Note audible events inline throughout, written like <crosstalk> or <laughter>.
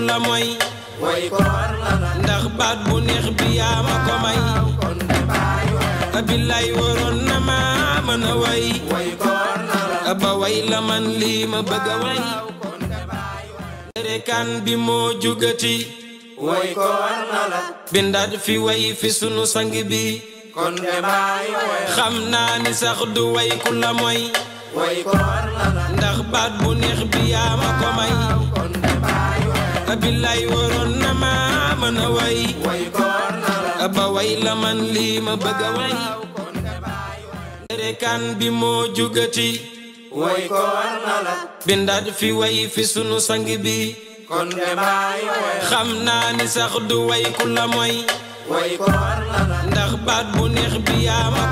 la mooy way ndax baat bu neex bi yaa ma ko may abillaay waroon na ma mën a way way koor ba way la man lii ma bëgg a way rekaan bi moo jugati way koor la bindaat fi way fi sunu sang bi kon de bàyyi way xam naa ni ndax baat bu neex bi yaa ko may billaay waroon na ma mën way ba way la man lii ma bëgg a way nderekaan bi moo jugati way ko war na la bindaat fi way fi sunu sang bi kon de baay way moy ko war na ndax baat bu neex bi yaa ma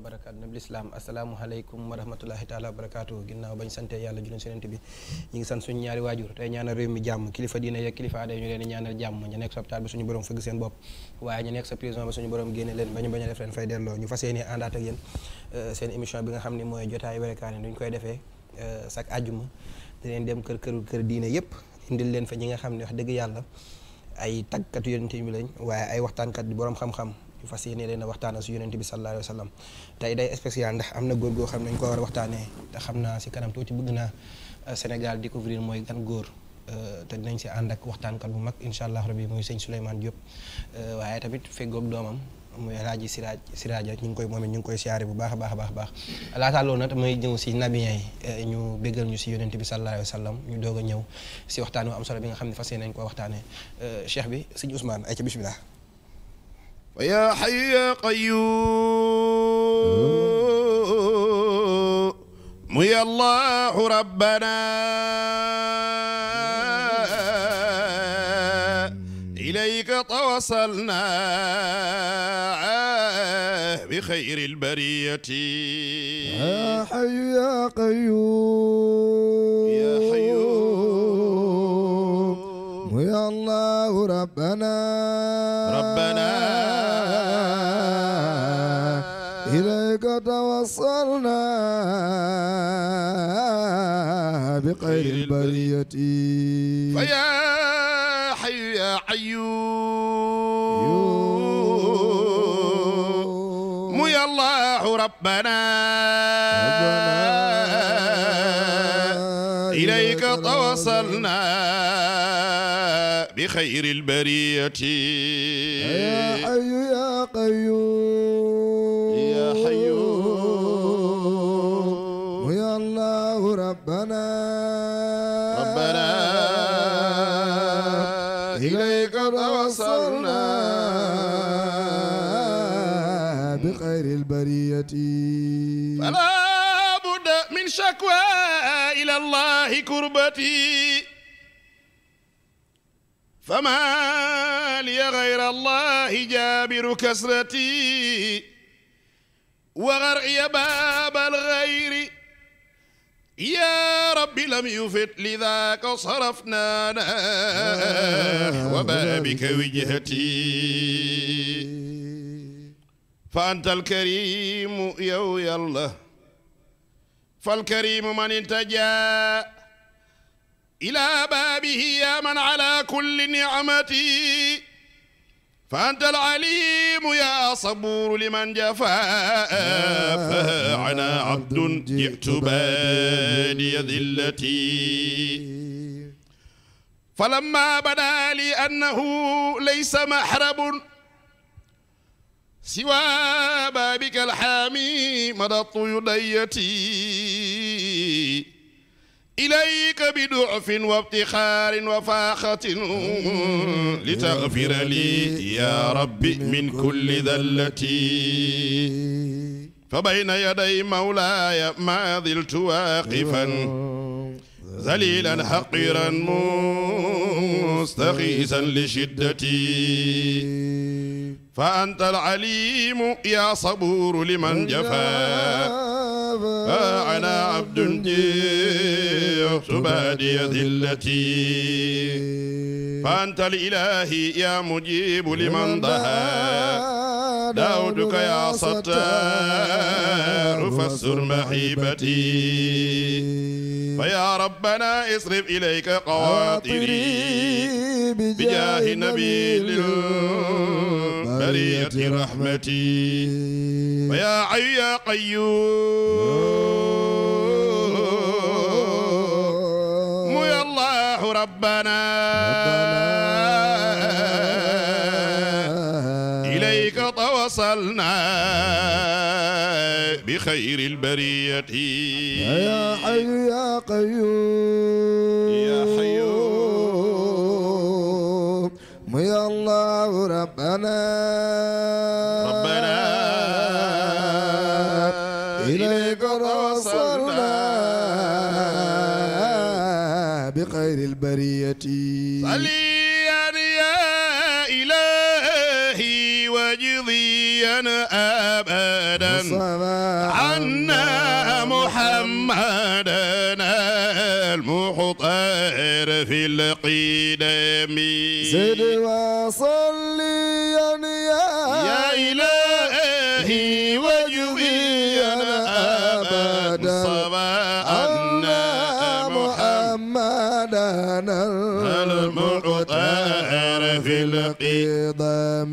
wa barakaatu nabi lislaam asalaamualeykum wa rahmatullahi taala wa barakaatu ginnaaw bañ sante yàlla juleen senent bi ñi ngi sant suñu ñaari waajur tey ñaanal réew mi jàmm kilifa diine yeeg kilifa aada ñu leen ñaanal jàmm ñu nekk sa hôpital ba suñu a def leen fay delloo ñu euh, nga xam ne mooy jotaay werekaane duñ koy defee euh, chaque àjjuma dinañ dem kër këru kër diine yépp indil leen fa ñi nga xam ne wax dëgg yàlla ay tàggkatu yonent bi lañ waaye ay waxtaankat di boroom xam ñu fas yéene leen a waxtaana su yonent bi sallallahu alayhi wa tey day spécial ndax am na góor goo xam ne dañ ko war a waxtaanee te xam naa si kanam tuuti bëgg naa euh, Sénégal découvrir mooy gan góor euh, te nañ si ànd ak waxtaankat bu mag incha allah rabi muy sëñ Souleymane yëpp euh, waaye tamit feggoog doomam. muy alaaji siraaj siraaj rek ñu ngi koy moom ñu ngi koy siyaare bu baax a baax baax baax laataa loolu nag may ñëw si nabiyen yi ñu béggal ñu si yonent bi sallallahu alayhi wa ñu doog a ñëw si waxtaan wi am solo bi nga xam ne fas yéene nañ koo waxtaanee cheikh bi si Ousmane ay ca فيا حي يا قيوم يا الله ربنا إليك توصلنا بخير البرية يا حي يا قيوم يا حي يا الله ربنا وتوصلنا بخير البرية فيا حي يا حيوم يا الله ربنا, ربنا إليك توصلنا بخير البرية يا حي يا قيوم بريتي فلا بد من شكوى إلى الله كربتي فما لي غير الله جابر كسرتي وغرئي باب الغير يا رب لم يفت لذاك صرفنا وبابك وجهتي fa antal karimu yow yàlla fal karimu man intaja ila baabihi ya man ala kulli ni'mati fa antal alimu ya saburu liman jafa ana abdun ji'tu baadiya dillati falamma bada li annahu laysa mahrabun siwaa baabika alxaami madattu yudayati ilayka bi duufin wa ibtixaarin wa faaxatin li taxfira li yaa rabbi min kulli dallati fa bayna yaday mawlaaya maa diltu waaqifan zalilan xaqiran mustaxiisan li shiddati fa anta alalimu ya saburu liman jafa أنا عبد جئت باديتي التي فأنت الإله يا مجيب لمن ضحى داودك يا ستار فاستر مهيبتي فيا ربنا اصرف إليك قواطري بجاه النبي برية رحمتي ويا حي يا قيوم يا الله ربنا إليك توصلنا بخير البرية يا حي يا قيوم يا الله ربنا ربنا إليك وصلنا بخير البرية صليا يا إلهي وجضيا أبدا عنا محمدا المحطر في القدم زد وصليا يا إلهي وجهي أبدا أن محمدا المعطر في القدم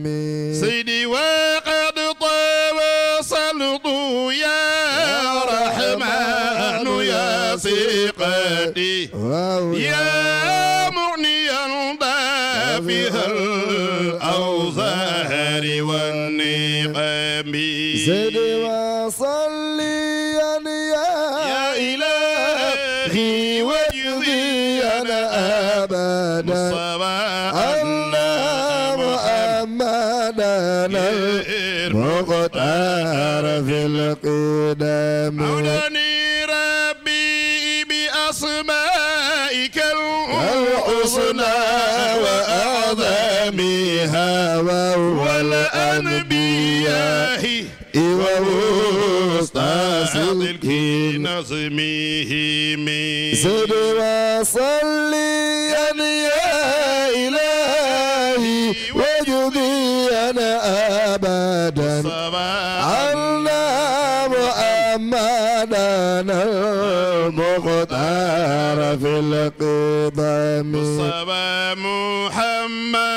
وهو الأنبياء ووسطى سلك نظمهم زد وصليا يا إلهي وجدينا أبدا عنا محمدنا المختار في القدم مصطفى محمد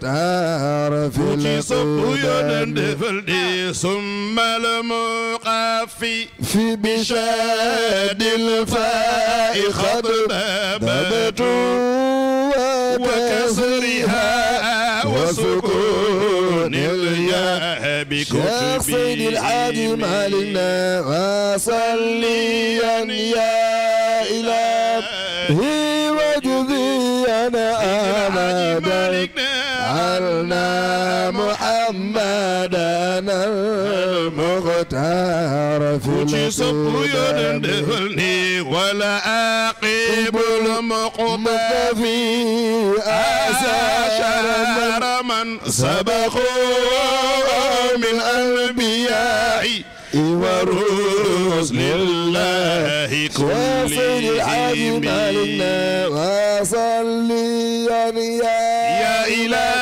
taara fi la sopp yonent defal di summal muqaffi fi bishadil fa'i xat babatu wa kasriha wa sukunil yaa bi kutubi Seydil Haaji Maalik na wa salliyan yaa ilaahi محمدنا المختار في الكون ولا أقيب المقتفي أسى شر من سبقوا من أنبيائي وروس لله كل يمين وصلي يا إلهي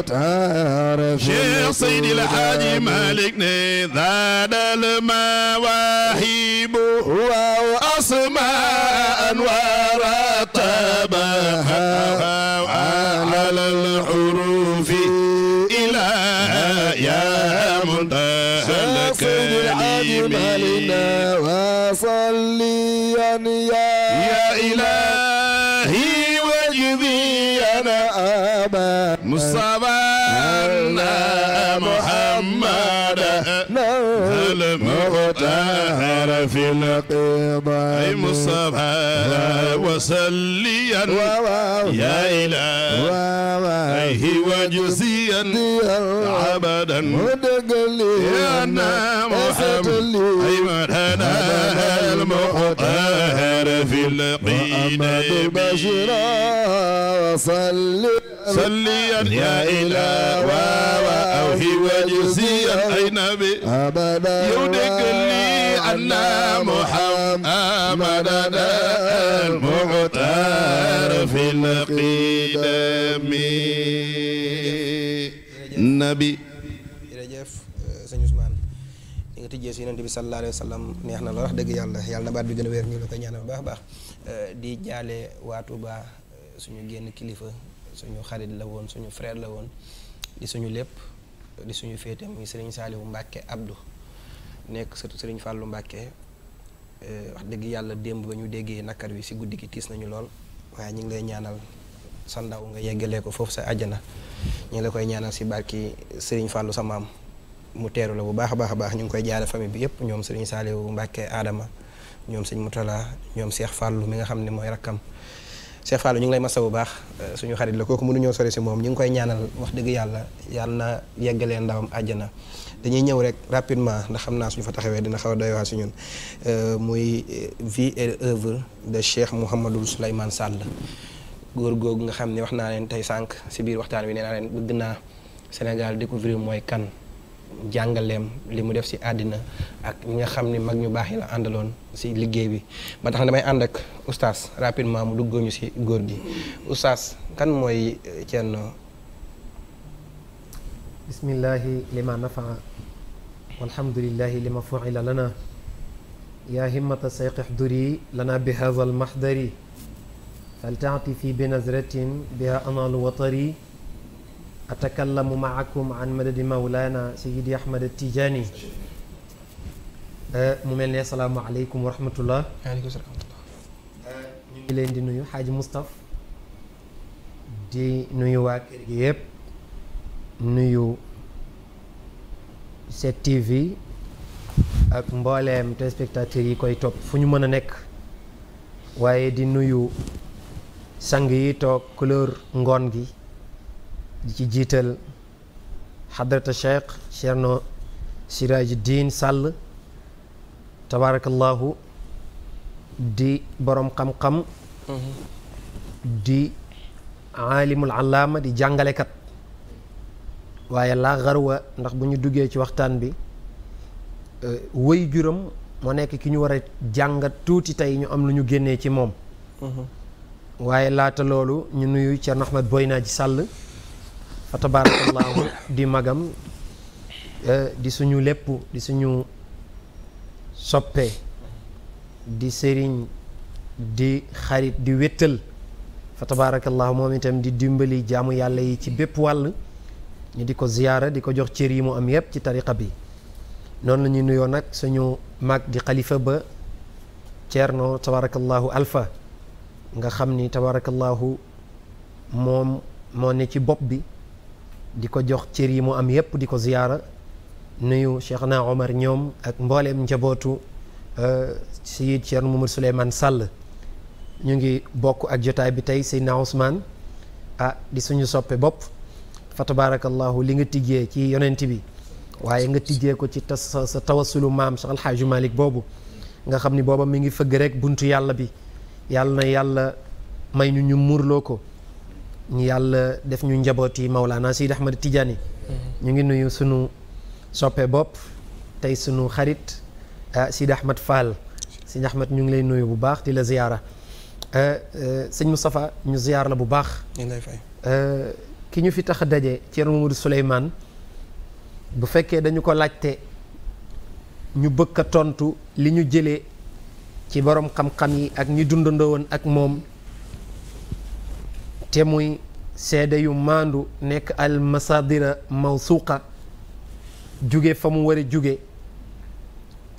تعرف شيخ سيد الحاج مالك ذاد المواهب وأسماء أنواع الرقيض مصطفى وسليا يا إلهي وجزيا عبدا متقليا محمد أي مرحنا المحطار في الله محمد البشرى صلي صليا يا إله وأوحي وجزيا أي نبي أبدا يودك لي أن محمد المعتار في القدم نبي eh, tijjee si yonent bi sallallahu alayhi wa sallam neex na la wax dëgg yàlla yàlla na baat bi gën a wér ñu la koy ñaanal baax baax Euh, di jaale waa Touba euh, suñu génn kilifa suñu xarit la woon suñu frère la woon di suñu lépp di suñu féete muy Serigne Saliou Mbacke Abdou nekk surtout Serigne fàllu Mbacke euh, wax dëgg yàlla démb ba ñu déggee nakar wi si guddi gi tiis nañu lool ñu ngi lay ñaanal sa ndaw nga yeggalee ko sa àjjana ñu ngi koy ñaanal si barki Serigne Fallou sa maam mu teeru la bu baax a baax baax ñu ngi koy jaale famille bi yëpp ñoom Serigne Saliou Mbacke Adama. ñoom sëñ Moutala ñoom seex Fallou mi nga xam ne mooy rakkam Cheikh Fallou ñu ngi lay masa bu baax euh, suñu xarit la kooku mënuñoo sori si moom ñu ngi koy ñaanal wax dëgg yàlla yàlla na yeggalee ndawam àjjana dañuy ñëw rek rapidement ndax xam naa suñu fa taxawee dina xaw a doy waa si ñun euh, muy euh, vie et œuvre de Cheikh Mouhamadou Souleymane sàll góor góor googu nga xam ne wax naa leen tey sànq si biir waxtaan wi nee naa leen bëgg naa Sénégal découvrir mooy kan jàngaleem li mu def si àddina ak ñi nga xam ni mag ñu baax yi la àndaloon si liggéey bi ba tax na damay ànd ak oustaz rapidement mu duggoo ñu góor gi oustaz kan mooy eh, Thierno. bismillahi lima nafaa walhamdulillahi lima fuila lana yaa himmata sayqix duri lana bi haza almahdari faltaati fi bi nazratin biha watari atakallamu maakum an madadi mawlana sayidi ahmad tijaani mu mel ni asalaamaaleykum wa rahmatullah ñu ngi leen di nuyu xaaji mustaf di nuyu waa kër gi yëpp nuyu 7TV ak mbooleem téléspectateurs yi koy topp fu ñu mën a nekk waaye di nuyu sang yi toog couleur ngoon gi di ci jiital xadrata cheikh Cherno Sirajuddin sàll tabarakallahu di boroom xam-xam di aalimul allaama di jàngalekat waaye laa xarwa ndax bu ñu duggee ci waxtaan bi euh, wëy juram moo nekk ki ñu war a tuuti tey ñu am lu ñu génnee ci moom mhm. waaye laata loolu ñu nuyu Cherno Ahmed Boyna ji Sall fa tabaarakallaahu di magam eh, di suñu lépp di suñu soppe di sëriñ di xarit di wétal fa tabaarakallaahu moom itam di dimbali jaamu yàlla yi ci bépp wàll ñu di ko ziyaara di ko jox cër yi mu am yépp ci tariqa bi noonu la ñuy nuyoo nag suñu mag di xalifa ba Ceerno tabaarakallaahu alfa nga xam ni tabaarakallaahu moom moo ne ci bopp bi di ko jox cër yi mu am yépp di ko ziyaara nuyu Cheikh na Omar ñoom ak mbooleem njabootu euh, Seyid Thierno Mamadou Souleymane Sall ñu ngi bokk ak jotaay bi tey Seydina Ousmane ah di suñu soppee bopp fa tabarakallahu li nga tijjee ci yonent bi waaye nga tijjee ko ci tas sa tawasulu maam Cheikh Alxaaji Malik boobu nga xam ni booba mu ngi fëgg rek buntu yàlla bi yàlla na yàlla may ñu ñu muurloo ko ñu yàlla def ñu njaboot yi Maulana Seydi Ahmad Tidiane ñu ngi nuyu sunu soppe bopp tey sunu xarit ah, Seydi Ahmad Fall Seydi Ahmad ñu ngi lay nuyu bu baax di la ziyaara ah, ah, sëñ safa ñu ziyaar la bu baax ki ñu fi tax daje Thierno Mamadou Souleymane bu fekkee dañu ko laajte ñu bëgg tontu li ñu jëlee ci borom xam-xam yi ak ñi dundandoo woon ak moom te muy seede yu maandu nekk al masadira mawsuqa juge fa mu war jóge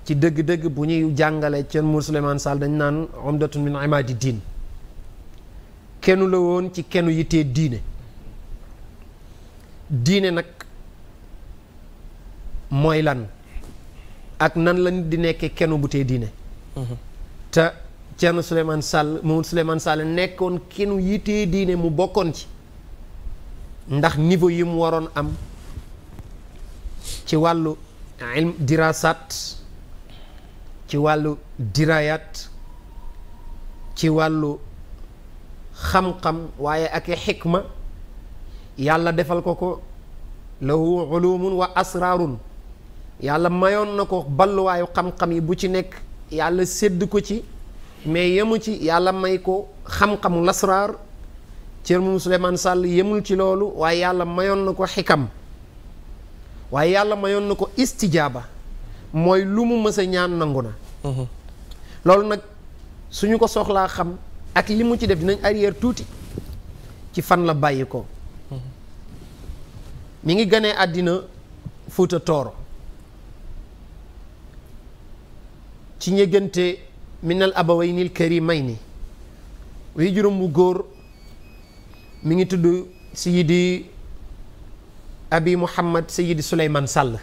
ci dëgg-dëgg bu ñuy jàngale Thierno Moule Souleymane Sall dañ naan umdatun min imaadi diin kennu la woon ci kennu yittee diine diine nag mooy lan ak nan la nit di nekkee kennu bu tee diine mhm. te Thierno Souleymane Sall Mamadou Souleymane Sall nekkoon kenu yitee diine mu bokkoon ci ndax niveau yi mu waroon am ci wàllu ilm ci wàllu dirayat ci wàllu xam-xam waaye ak xikma yàlla defal ko ko lahu ulumun wa asraarun yàlla mayoon na ko balluwaayu xam-xam yi bu ci nekk yàlla sedd ko ci mais yemu ci yàlla may ko xam-xamu lasraar cër moom Souleymane Sall yemul ci loolu waaye yàlla mayoon na ko xikam waaye yàlla mayoon na ko istijaaba mooy lu mu mësa ñaan nangu na loolu nag suñu ko soxlaa xam ak li mu ci def dinañ arrière tuuti ci fan la bàyyi ko mi ngi gënee àddina Fuuta Tooro ci ñëggante minal abawayni al karimayni way juróom bu góor mu ngi tudd sayidi abi muhammad sayidi suleyman sàll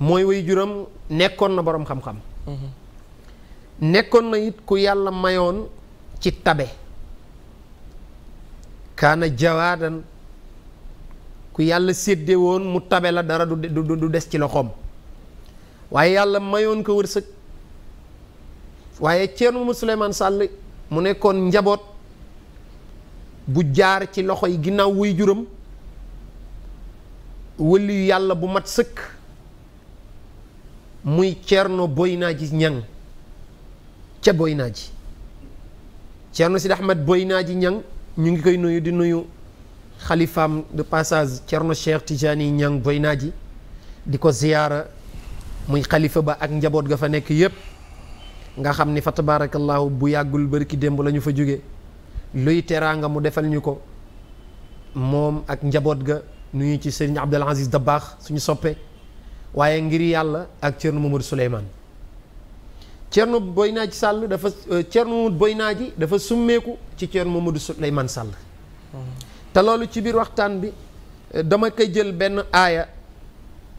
mooy way juróom nekkoon na boroom xam-xam mhm. nekkoon na it ku yàlla mayoon ci tabe kaana jawaadan ku yàlla sédde mu tabe la dara du du des ci loxoom waaye yàlla mayoon ko wërsëg waaye Thierno Souleymane Sall mu nekkoon njaboot bu jaar ci loxo yi ginnaaw wuy juram wëliyu yàlla bu mat sëkk muy Thierno Boynadji Niang ca Boynadji Thierno Sidi Ahmed Boynadji ñan ñu ngi koy nuyu di nuyu xalifaam de passage Thierno Cheikh Tijani Niang Boynadji di ko ziyaara muy xalifa ba ak njaboot ga fa nekk yépp nga xam ni fa tabaarakallaahu bu yàggul bërki démb lañu fa jóge luy teraanga mu defal ñu ko moom ak njaboot ga nuyu ci sëriñ Abdul Aziz baax suñu soppee waaye ngir yàlla ak Thierno Mamadou Souleymane Thierno Boy Naaji sàll dafa euh, Thierno Boy Naaji dafa summeeku ci Thierno Mamadou Souleymane sàll te loolu ci biir waxtaan bi euh, dama koy jël benn aaya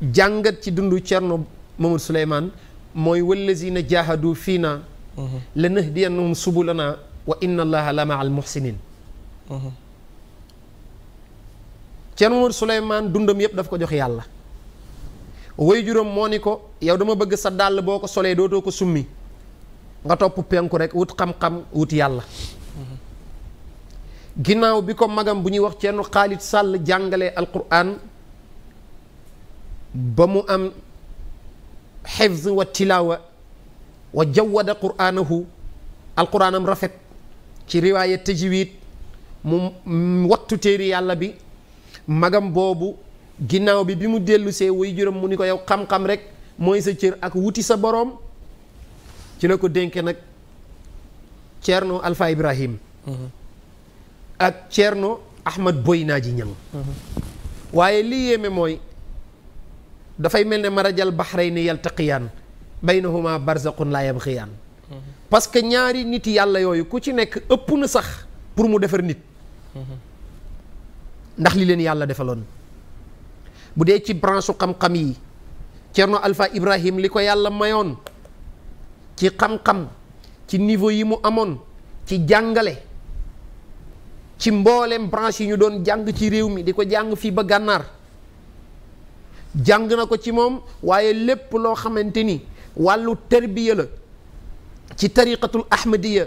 jàngat ci dundu Thierno Mamadou Souleymane mooy wallazina jaahadu fii na mhm. lanahdiyannahum subulana wa inna allaha la maa al muhsinin mhm. Cerno Umar Suleymaan dundam yëpp daf ko jox yàlla way juróom moo ni ko yow dama bëgg sa dàll boo ko solee dootoo ko summi nga topp penku rek wut xam-xam wut yàlla mhm. ginnaaw bi ko magam bu ñuy wax Cerno Xaalid Sàll jàngale alquran ba mu am xifz wa tilaawa wa jawwada quraanahu alquraanam rafet ci riwaaya tajwid mu wattu téeri yàlla bi magam boobu ginnaaw bi bi mu dellu see way juróom mu ni ko yow xam-xam rek mooy sa cër ak wuti sa boroom ci la ko dénke nag Ceerno Alfa Ibrahim ak Ceerno Ahmad Boy Naaji Ñaŋ mhm. waaye li yéeme mooy dafay mel ne marajal bahrayni yaltaqiyaan baynahuma barzaqun laa yabxiyaan parce que ñaari nit yàlla yooyu ku ci nekk ëpp na sax pour mu defar nit ndax li leen yàlla defaloon bu dee ci branche xam-xam yi Cerno Alpha Ibrahim li ko yàlla mayoon ci xam-xam ci niveau yi mu amoon ci jàngale ci mboolem branche yi ñu doon jàng ci réew mi di ko jàng fii ba gànnaar jàng na ko ci moom waaye lépp loo xamante ni wàllu tarbiya la ci tariqatul ahmadiya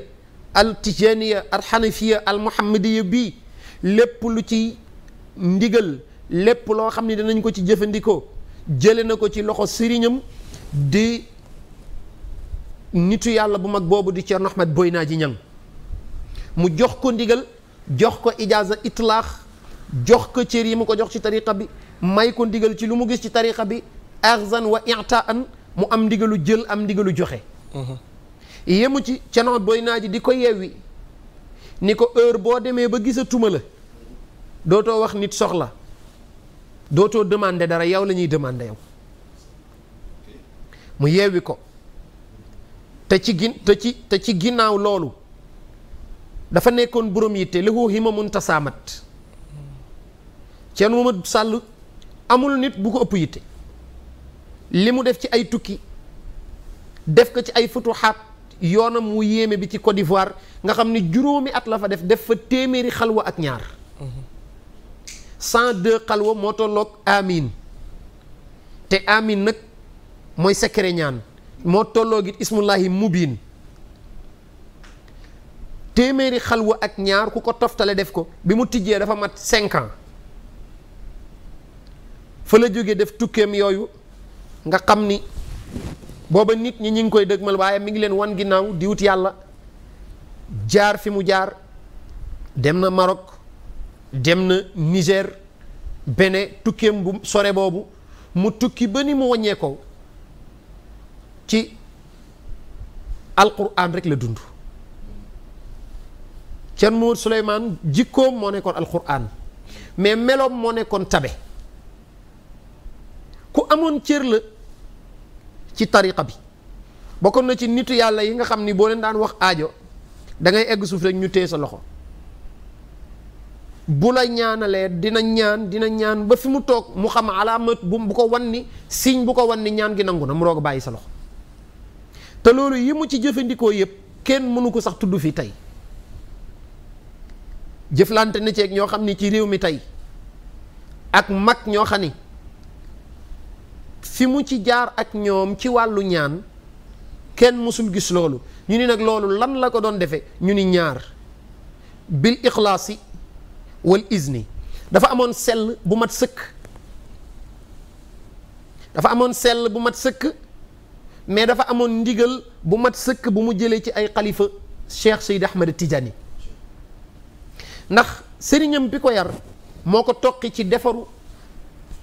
al tijaniya al xanafiya al muhammadiya bii lépp lu ci ndigal lépp loo xam ne danañ ko ci jëfandikoo jële na ko ci loxo sëriñam di nitu yàlla bu mag boobu di Ceerno Ahmad Boy naa ji mu jox ko ndigal jox ko ijaaza itlaax jox ko cër yi mu ko jox ci tariqa bi may ko digal ci lu mu gis ci tariqa bi arzan wa i'taan mu am ndigalu jël am ndigalu joxe yemu ci canoot booy naa ji di ko yewwi ni ko heure boo demee ba gisatuma la dootoo wax nit soxla dootoo demandé dara yow lañuy ñuy demandé yow mu yewwi ko te ci gin te ci te ci ginnaaw loolu dafa nekkoon borom yitte li ko hima mun tasaamat seen mooma sàll amul nit bu ko ëpp yitte li mu def ci ay tukki def ko ci ay futuxaat yoonam wu yéeme bi ci Côte d'Ivoire nga xam ni juróomi at la fa def def fa téeméeri xalwa ak ñaar cent deux xalwa moo tolloog amin te amin nag mooy secret ñaan moo tolloog it ismullahi mubin téeméeri xalwa ak ñaar ku ko toftale def ko bi mu tijjee dafa mat cinq ans fa la jógee def tukkeem yooyu nga xam ni booba nit ñi ñi ngi koy dëgmal waaye mi ngi leen wan ginnaaw di wut yàlla jaar fi mu jaar dem na Maroc dem na Niger Bénin tukkeem bu sore boobu mu tukki ba ni mu wàññee ko ci alquran rek la dund Thierno Mohamed Souleymane jikkoom moo nekkoon alquran mais meloom moo nekkoon tabe ku amoon cër la ci tariqa bi bokkoon na ci nitu yàlla yi nga xam ni boo leen daan wax aajo da ngay egg suuf rek ñu téye sa loxo bu la ñaanalee dina ñaan dina ñaan ba fi mu toog mu xam alaamat bu ko wan ni signe bu ko wan ni ñaan gi nangu na mu roog bàyyi sa loxo te loolu yi mu ci jëfandikoo yëpp kenn mënu ko sax tudd fii tey jëflante na ceeg ñoo xam ni ci réew mi tey ak mag ñoo xam ni fi mu ci jaar ak ñoom ci wàllu ñaan kenn mësul gis loolu ñu ni nag loolu lan la ko doon defee ñu ni ñaar bil ixlaasi wal izni dafa amoon sell bu mat sëkk dafa amoon sell bu mat sëkk mais dafa amoon ndigal bu mat sëkk bu mu jëlee ci ay xalifa cheikh Seydi Ahmed Tidiane ndax sëriñam bi ko yar moo ko toqi ci defaru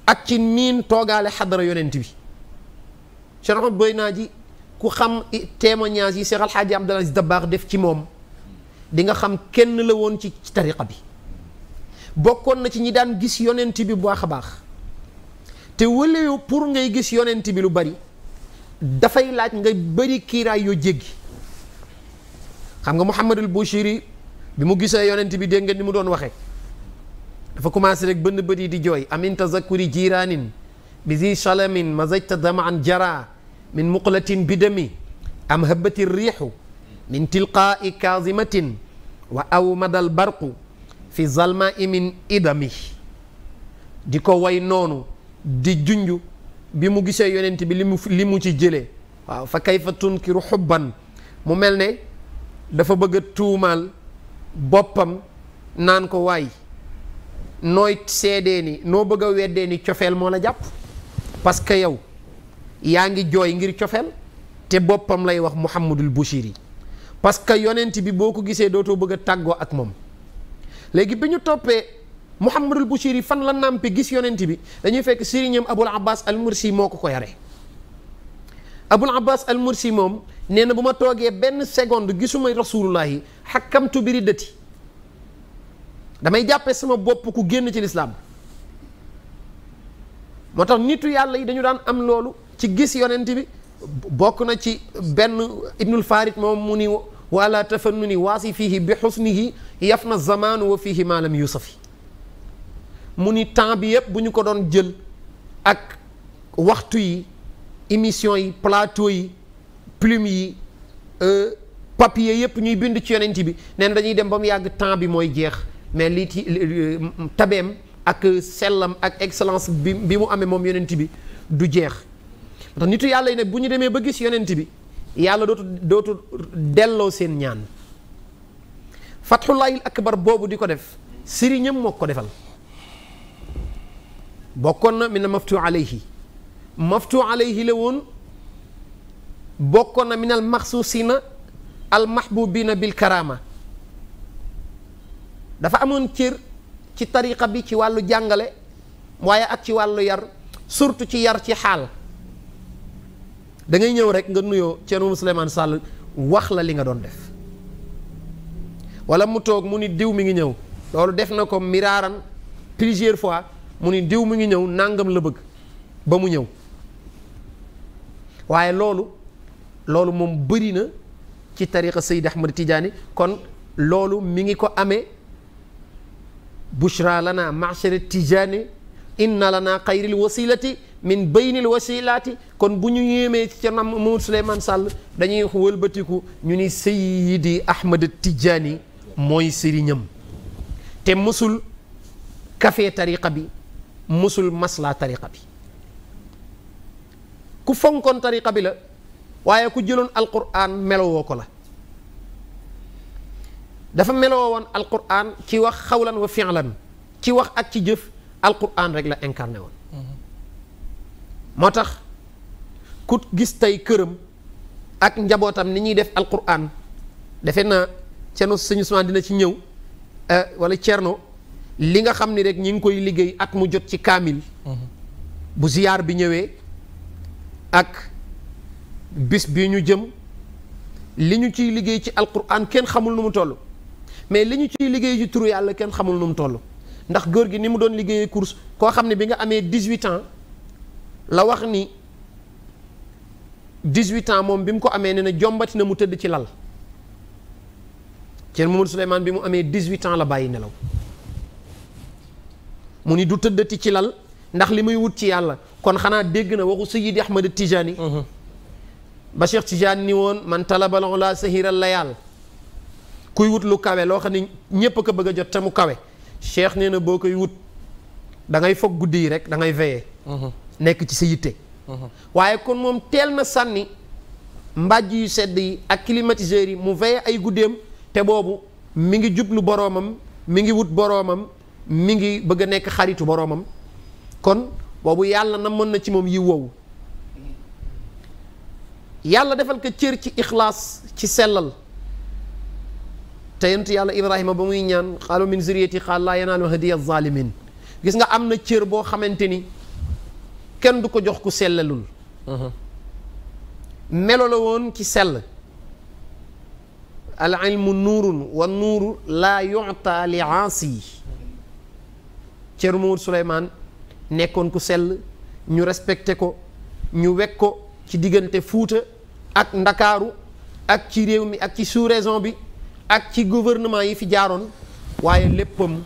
ak ci niin toogaale xadara yonent bi Cheikh Ahmad Boyna ji ku xam témoignage yi Cheikh Alxaaji Abdul Aziz baax def ci moom di nga xam kenn la woon ci tariqa bi bokkoon na ci ñi daan gis yonent bi bu baax a baax te wëlewu pour ngay gis yonent bi lu bari dafay laaj nga bari kiiraay yoo jéggi xam nga Mouhamadul Bouchiri bi mu gisee yonent bi dégg nga ni mu doon waxee dafa commencé rek bënn bët yi di jooy amin tazakuri jiraanin bisi shalamin mazajta dama an jara min muqlatin bidami am habati riixu min tilqaai kazimatin wa aw madal barqu fi zalma imin idami di ko way noonu di junj bi mu gisee yonent bi li mu ci jëlee waaw fa kayfa tunkiru xubban mu mel ne dafa bëgg a tuumaal boppam naan ko waay nooy seedee ni noo bëgg a weddee ni cofeel moo la jàpp parce que yow yaa ngi jooy ngir cofeel te boppam lay wax Muhammadul Bushiri parce que yonent bi boo ko gisee dootoo bëgg a tàggoo ak moom léegi bi ñu toppee Muhammadul Bushiri fan la nàmpe gis yonent bi dañuy fekk sëriñam Abul Abbas al Mursi moo ko ko yare Abul Abbas al Mursi moom nee na bu ma toogee benn seconde gisumay rasulullahi xakkamtu bi riddati damay jàppee sama bopp ku génn ci lislaam moo tax nittu yàlla yi dañu daan am loolu ci gis yonent bi bokk na ci benn ibnul farid moom mu ni wala tafannuni waasi fiihi bi xusnihi yaf na zamaanu wa fiihi maalam yusafi mu ni temps bi yëpp bu ñu ko doon jël ak waxtu yi émission yi plateau yi plume yi euh, papier yëpp ñuy bind ci yonent bi neen dañuy dem ba mu yàgg temps bi mooy jeex mais lii ci tabeem ak sellam ak excellence bi bi mu amee moom yeneent bi du jeex ndax nitu yàlla yi nag bu ñu demee ba gis yonent bi yàlla dootu dootu delloo seen ñaan fatxullaahil akbar boobu di ko def sëriñam moo ko defal bokkoon na mi na maftu alayhi maftu alayhi la woon bokkoon na min al maxsuusina al mahbubina bil karama dafa amoon cër ci tariqa bi ci wàllu jàngale waaye ak ci wàllu yar surtout ci yar ci xaal dangay ñëw rek nga nuyoo Thierno Souleymane sàll wax la li nga doon def wala mu toog mu ni diw mi ngi ñëw loolu def na ko miraaran plusieurs fois mu ni diw mi ngi ñëw nàngam la bëgg ba mu ñëw waaye loolu loolu moom bëri na ci tariqa Seydi Ahmad Tidiane kon loolu mi ngi ko amee bushra lana machara tijaani inna lana xayril wasilati min baynil wasilaati kon bu ñu yéemee ci Cerno Mamadou Souleymane Sall dañuy wëlbatiku ñu ni Seydi Ahmad Tijaani mooy sëriñam te mësul kafe tariqa bi mësul maslaa tariqa bi ku fonkoon tariqa bi la waaye ku jëloon alquran melowoo ko la dafa meloo woon alquran ci wax xawlan wa fi'lan ci wax ak ci jëf alquran rek la incarné woon mm-hmm. moo tax ku gis tey këram ak njabootam ni ñuy def alquran defe na ceerno sëñ Usmaan dina ci ñëw eh, wala ceerno li nga xam ni rek ñi ngi koy liggéey ak mu jot ci kaamil mm-hmm. bu ziyaar bi ñëwee ak bis bi ñu jëm li ñu ciy liggéey ci alquran kenn xamul nu mu toll mais li ñu ci liggéey ci turu yàlla kenn xamul nu mu toll ndax góor gi ni mu doon liggéeyee course koo xam ne bi nga amee dix-huit ans la wax ni dix-huit ans moom bi mu ko amee ne na jombati na mu tëdd ci lal Thierno Mamadou Souleymane bi mu amee dix-huit ans la bàyyi nelaw mu ni du tëddati ci lal ndax li muy wut ci yàlla kon xanaa dégg na waxu Sayyidi Ahmad Tijani ba Cheikh Tijani ni woon man talabal ula sahiral yàlla kuy wut lu kawe loo xam ne ñépp a ko bëgg a jot te mu kawe cheikh nee na boo koy wut dangay ngay foog guddi yi rek dangay ngay mhm. nekk ci sa yitte mhm. waaye kon moom teel na sànni mbàjj yu sedd yi ak climatiseurs yi mu veillé ay guddeem te boobu mi ngi jublu boroomam mi ngi wut boroomam mi ngi bëgg a nekk xaritu boroomam kon boobu yàlla na mën na ci moom yi woowu yàlla defal ko cër ci ixlaas ci sellal te yent yàlla ibrahima ba muy ñaan xaalu min xaal laa yanaalu hadiya zalimin gis nga am na cër boo xamante ni kenn du ko jox ku sellalul mhm. melo la woon ci sell al ilmu nuurun wa nuuru laa yuta li cër Mawud Souleymane nekkoon ku sell ñu respecté ko ñu wekk ko ci diggante Fuuta ak Ndakaaru ak ci réew mi ak ci sous-région bi ak ci gouvernement yi fi jaaroon waaye léppam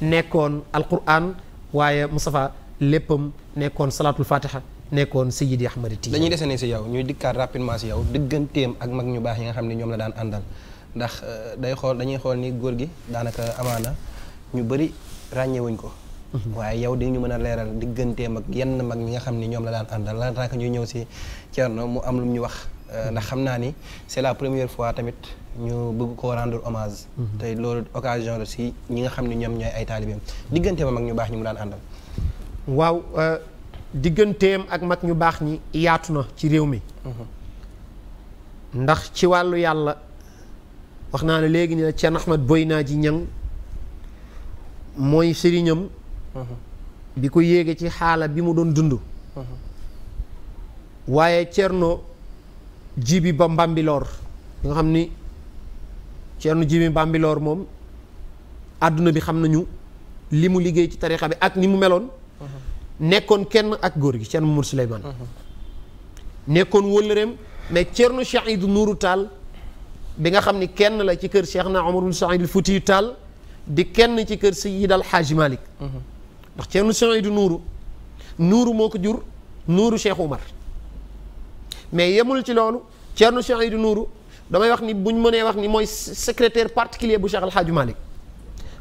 nekkoon alquran waaye Moustapha léppam nekkoon salaatul fatiha nekkoon Sayyidi Ahmad Tijaan dañuy desene si yow ñuy dikkaat rapidement si yow digganteem ak mag ñu baax yi nga xam ne ñoom la daan àndal ndax euh, day xool dañuy xool ni góor gi daanaka amaana ñu bëri ràññewuñ ko mhm. waaye yow di ñu mën a leeral digganteem ak yenn mag ñi nga xam ne ñoom la daan àndal ñuy ñëw si Thierno mu am lu ñu wax Euh, ndax xam naa ni c'est la première fois tamit ñu bëgg koo rendre hommage. Mhm. tey loolu occasion la si ñi nga xam ne ñoom ñooy ay taalibeem digganteem ak mag ñu baax ñi mu daan àndal. waaw euh, digganteem ak mag ñu baax ñi yaatu na ci réew mi. Mhm. ndax ci wàllu yàlla wax naa ne léegi ni la Cheikh Ahmed Boynaji Niang mooy sëriñam. Mhm. bi ko yéege ci xaala bi mu doon dund. waaye Thierno. jibi ba mbambiloor nga xam ni Ceerno jibi mbambiloor moom àdduna bi xam nañu li mu liggéey ci tarixa bi ak ni mu meloon uh-huh. nekkoon kenn ak góor gi Ceerno Mor Suleymaan uh-huh. nekkoon wëllëreem mais Ceerno Saïdu Nuuru Taal bi nga xam ni kenn la ci kër Cheikh na Omar bin Saïd al di kenn ci kër Sayyid al Xaaji Malik uh-huh. ndax Ceerno Saïdu Nuuru Nuuru mais yemul ci loolu Thierno du Nourou damay wax ni buñ mënee wax ni mooy secrétaire particulier bu Cheikh Al Hadj Malick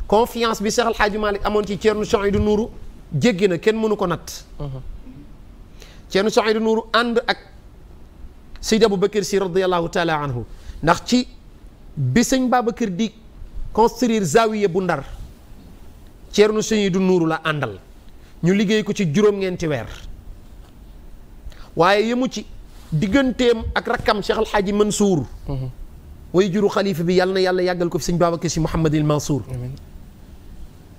confiance bi Cheikh Al Hadj amoon ci Thierno du Nourou jéggi na kenn mënu ko natt. Uh-huh. Thierno Seydou Nourou ànd ak Seydi Aboubacar Sy radiyallahu taala anhu ndax ci bi sëñ Babacar di construire zawiya bu ndar Thierno du Nourou la àndal ñu liggéey ko ci juróom-ñeenti weer waaye yemu ci. digganteem ak rakkam Cheikh El Hadji Mansour. way juru xalifa bi yàlla na yàlla yàggal ko fi sëñ Babacar Si Mouhamadil Mansour.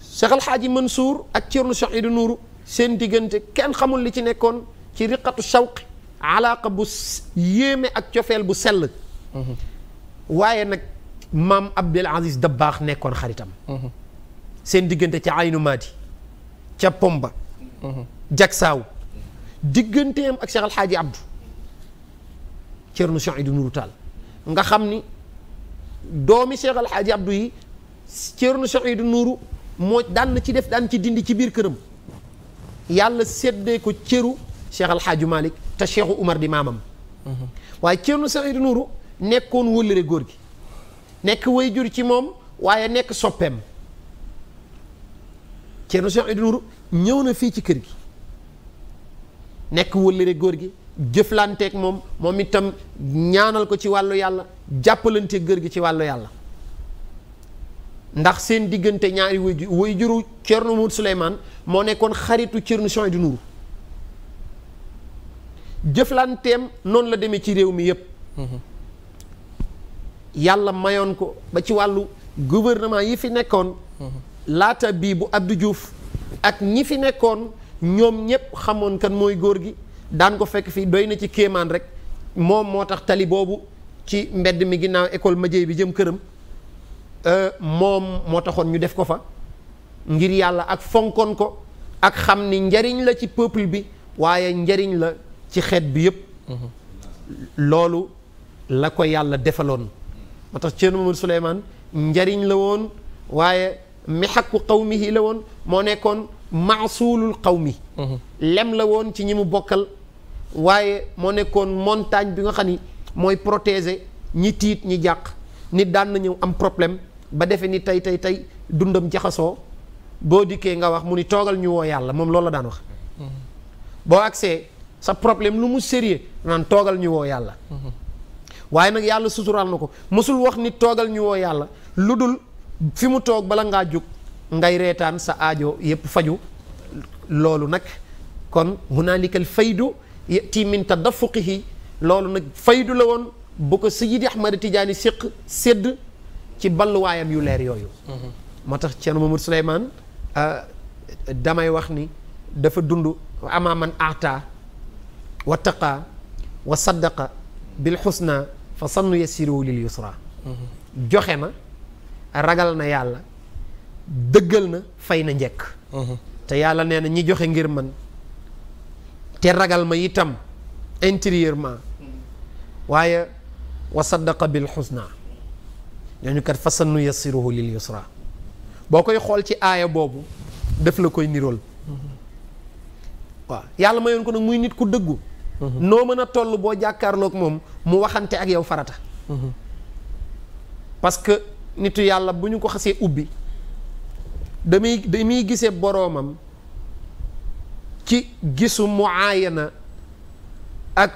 Cheikh El Hadji Mansour ak Thierno Seydou seen diggante kenn xamul li ci nekkoon ci riqatu shawq alaaqa bu ak cofeel bu sell. nag maam Abdel Aziz Dabbaax nekkoon xaritam. seen diggante ca Aynu Maadi ca Pomba. Jaksaaw digganteem ak Cheikh El Hadji Thierno Seydou Nourou Tall nga xam ni doomi Cheikh Al Hadj Abdou yi Thierno Seydou Nourou moo daan ci def daan ci dindi ci biir këram yàlla séddee ko cëru Cheikh Al Hadj Malick te Cheikhu Umar di maamam. waaye Thierno Seydou Nourou nekkoon wëllëre góor gi nekk way ci moom waaye nekk soppeem Thierno Seydou Nourou ñëw na fii ci kër gi nekk wëllëre góor gi. jëflanteeg moom moom itam ñaanal ko ci wàllu yàlla jàppalanteeg gër gi ci wàllu yàlla ndax seen diggante ñaari wayjur wayjuru Cerno Muhammad Suleymaan moo nekkoon xaritu Cerno Suhaydu Nuuru jëflanteem noonu la demee ci réew mi yépp mm-hmm. yàlla mayoon ko ba ci wàllu gouvernement yi fi nekkoon mm-hmm. laata bii bu Abdou Diouf ak ñi fi nekkoon ñoom ñépp xamoon kan mooy góor gi daan ko fekk fii doy na ci kéemaan rek moom moo tax tali boobu ci mbedd mi ginnaaw école Madiaye bi jëm këram euh, moom moo taxoon ñu def ko fa ngir yàlla ak fonkoon ko ak xam ni njariñ la ci peuple bi waaye njariñ la ci xeet bi yépp loolu la ko yàlla defaloon moo tax Thierno Mamadou Souleymane njariñ la woon waaye mi xakku qawmihi la woon moo nekkoon maasuulul qawmi mm-hmm. lem la woon ci ñi mu bokkal waaye moo nekkoon montagne bi nga xam ni mooy protéger ñi tiit ñi jàq nit daan na ñëw am problème ba defe ni tey tey tey dundam jaxasoo boo dikkee nga wax mu ni toogal ñu woo yàlla moom loolu la daan wax mm-hmm. boo sa problème lu mu sérieux naan toogal ñu woo yàlla mm-hmm. waaye nag yàlla suturaal na ko mosul wax nit toogal ñu woo yàlla lu dul fi mu toog bala ngaa jóg ngay reetaan sa aajo yépp faju loolu nag kon hunaalikal faydu yati min tadafuqihi loolu nag faydu la woon bu ko Seydi Ahmad Tijaani séq sédd ci balluwaayam yu leer yooyu mm-hmm. moo tax Thierno Mamadou Souleymane euh, damay wax ni dafa dund ama man aata wa taqaa wa saddaqa bil xusna fa sannu yasiru lil yusra mm-hmm. joxe na ragal na yàlla dëggal na fay na njëkk mm-hmm. te yàlla nee na ñi joxe ngir man te ragal ma itam intérieurement waaye wa saddaqa bil xusna ñooñu kat fasannu yassiruhu lil yusra boo koy xool ci aaya boobu def la koy nirool waaw yàlla mayoon ko nag muy nit ku dëggu noo mën a toll boo jàkkaarloog moom mu waxante ak yow farata parce nitu yàlla bu ñu ko xasee ubbi damay damay gisee boroomam ci gisu muaayana ak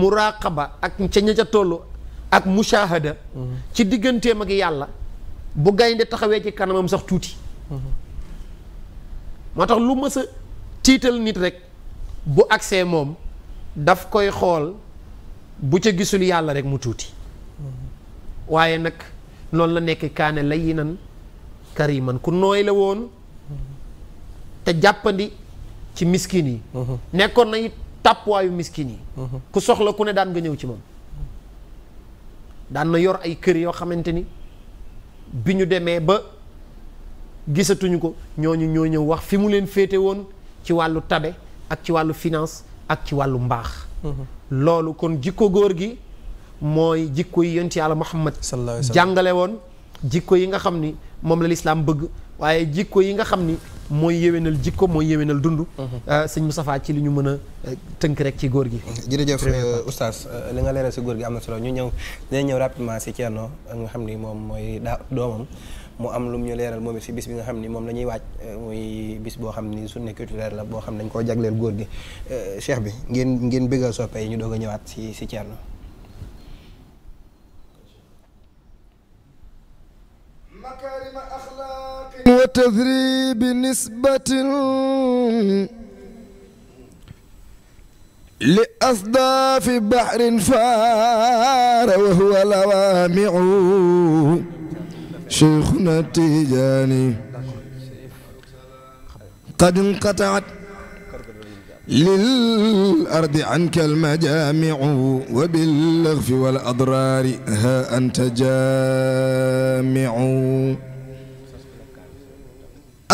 muraqaba ak ca ca toll ak mushahada ci digganteem ak yàlla bu gaynde taxawee ci kanamam sax tuuti moo tax lu mës tiital nit rek bu agsee moom daf koy xool bu ca gisul yàlla rek mu tuuti waaye nag noonu la nekk kaane layinan kariman ku nooy la woon te jàppandi ci miskin yi uh-huh. nekkoon nañu tàppuwaayu miskin yi uh-huh. ku soxla ku ne daan nga ñëw ci moom daan na yor ay kër yoo xamante ni bi ñu demee ba gisatuñu ko ñooñu ñoo ñëw wax fi mu leen féete woon ci wàllu tabe ak ci wàllu finance ak ci wàllu mbaax uh-huh. loolu kon jikko góor gi mooy jikko yi yonti yàlla Muhammad jàngale woon jikko yi nga xam ni moom la lislaam bëgg waaye jikko yi nga xam ni mooy yéwénal jikko mooy yéwénal dund. Mhm. Euh, sëñ Moustapha ci li ñu mën a euh, tënk rek ci góor gi. jërëjëf euh, oustaz li nga leeral si góor gi am na solo ñu ñëw dinañ ñëw rapidement si Thierno nga xam ni moom mooy daa doomam. mu am lu ñu leeral moom it si bis bi nga xam ni moom la ñuy waaj muy bis boo xam ni su journée culturelle la boo xam ne dañ koo jagleel góor gi cheikh bi ngeen ngeen bëggal soppe yi ñu doog a ñëwaat si si Thierno. وتذري بنسبة لأصداف بحر فار وهو لوامع شيخنا التيجاني قد انقطعت للأرض عنك المجامع وباللغف والأضرار ها أنت جامع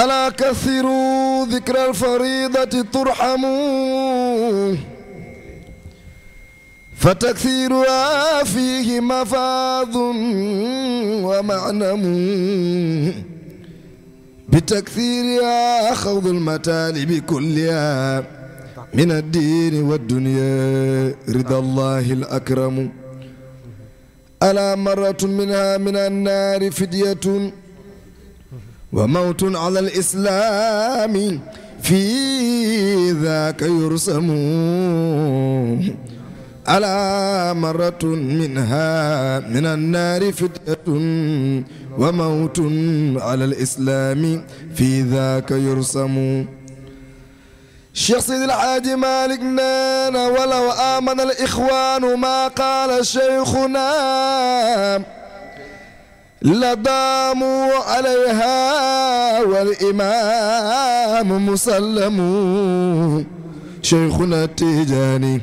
ألا كثروا ذكر الفريضة ترحموا فتكثيرها فيه مفاض ومعنم بتكثيرها خوض المطالب كلها من الدين والدنيا رضا الله الأكرم ألا مرة منها من النار فدية وموت على الإسلام في ذاك يرسم ألا مرة منها من النار فتنة وموت على الإسلام في ذاك يرسم شيخ سيد الحاج مالك نانا ولو آمن الإخوان ما قال شيخنا لداموا عليها والإمام مسلم شيخنا التجاني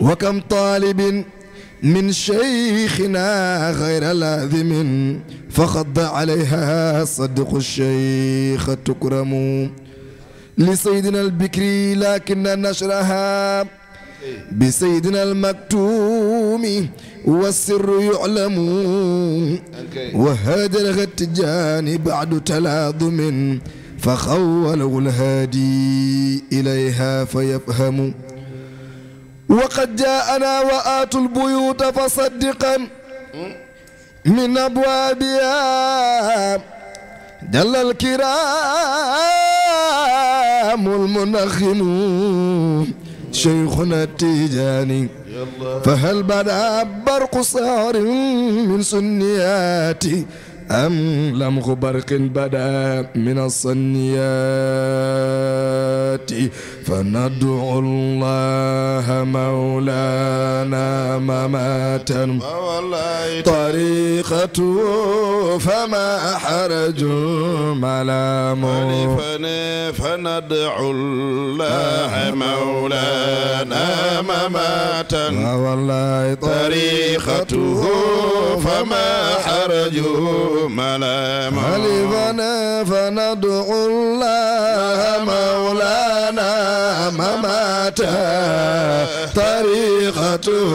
وكم طالب من شيخنا غير لازم فخض عليها صدق الشيخ تكرم لسيدنا البكري لكن نشرها bi sayyidina al-maktuumi wa sirru yu'lamu wa haajara tijaani ba'du talaadumin fa xawwalahu al-haadi ilayha fa yafhamu wa qad jaa'anaa wa aatul buyuuta fasaddiqan min abwaabihaa jalla al-kiraamu al-munaxximu شيخنا التيجاني فهل بدا برق صار من سنياتي أم لمغ برق بدا من الصنيات فندعو الله مولانا مماتا طريقته فما حرج ملام فندعو الله مولانا مماتا والله طريقته فما حرج ملام حلفنا فندعو الله مولانا مماتا طريقته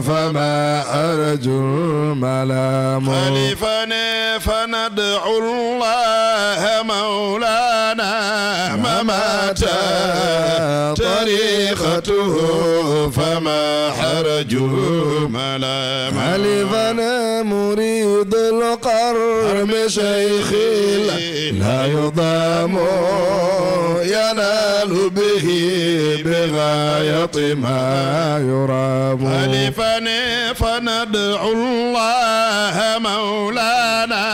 فما أرجو الملام حلفنا فندعو الله مولانا مماتا طريقته فما حرج ملام حلفنا مريد القرب شيخي لا يضام ينال به بغاية ما يرام ألفا فندعو الله مولانا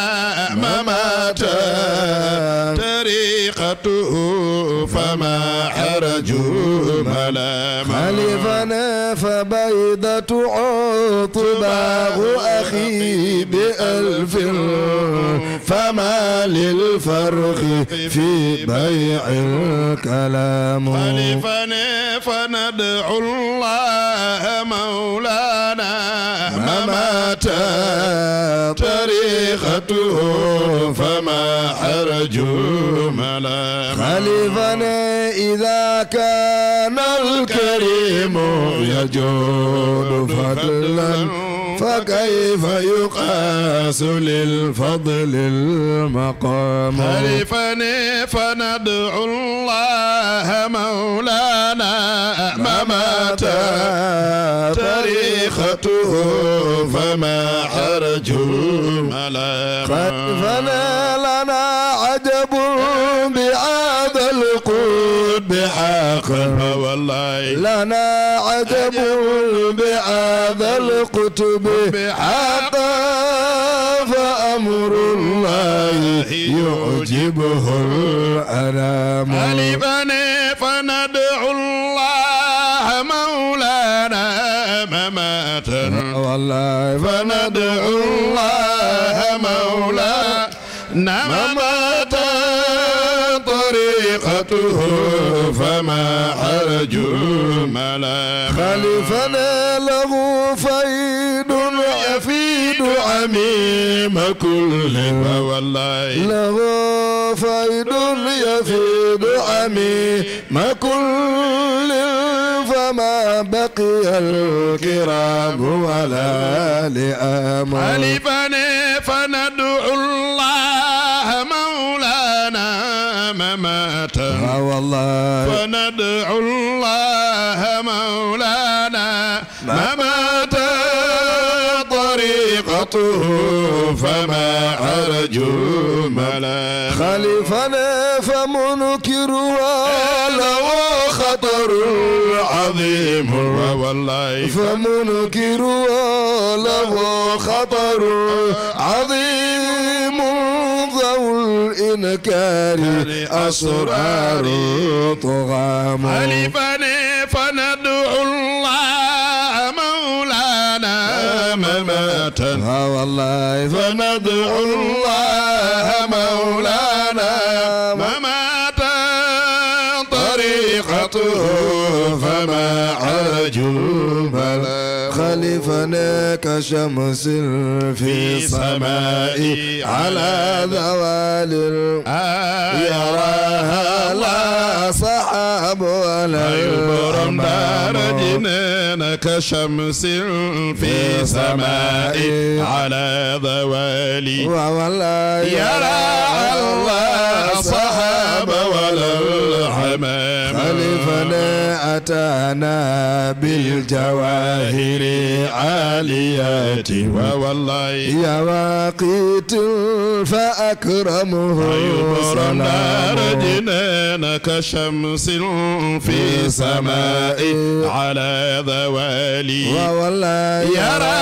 مماتا طريقته فما ورجوم خليفنا فبيضة عطباه أخي بألف فما للفرق في بيع الكلام خليفنا فندعو الله مولانا ممات طريقته فما حرج ملام خليفنا إذا كان الكريم يجود فضلا فكيف يقاس للفضل المقام حلفني فندعو الله مولانا ممات تاريخته فما حرج ملام قد فنى لنا عجب الأقمى والله لنا عجب بهذا القطب حقا فأمر الله يعجبه الأنام غالبا فندعو الله مولانا مماتا والله فندعو الله مولانا فما حرج ملا خلفنا له فيد يفيد عميم كل فوالله له فيد يفيد عميم كل فما بقي الكرام ولا لأمان خلفنا فندعو والله فندعو الله مولانا ممات طريقته فما أرجو ملا خليفنا فمنكرها له خطر عظيم والله فمنكرها له خطر عظيم الإنكار أسرار طغام حلفني فندعو الله مولانا مماتا والله فندعو الله مولانا كوني كشمس في سمائي على ذوال يراها لا صحاب ولا البرم جنان كشمس في سمائي على ذوالي ولا يراها الله صحاب ولا الحمام ربنا أتانا بالجواهر عاليات ووالله يا واقيت فأكرمه يبصر نار جنان كشمس في سماء على ذوالي ووالله يرى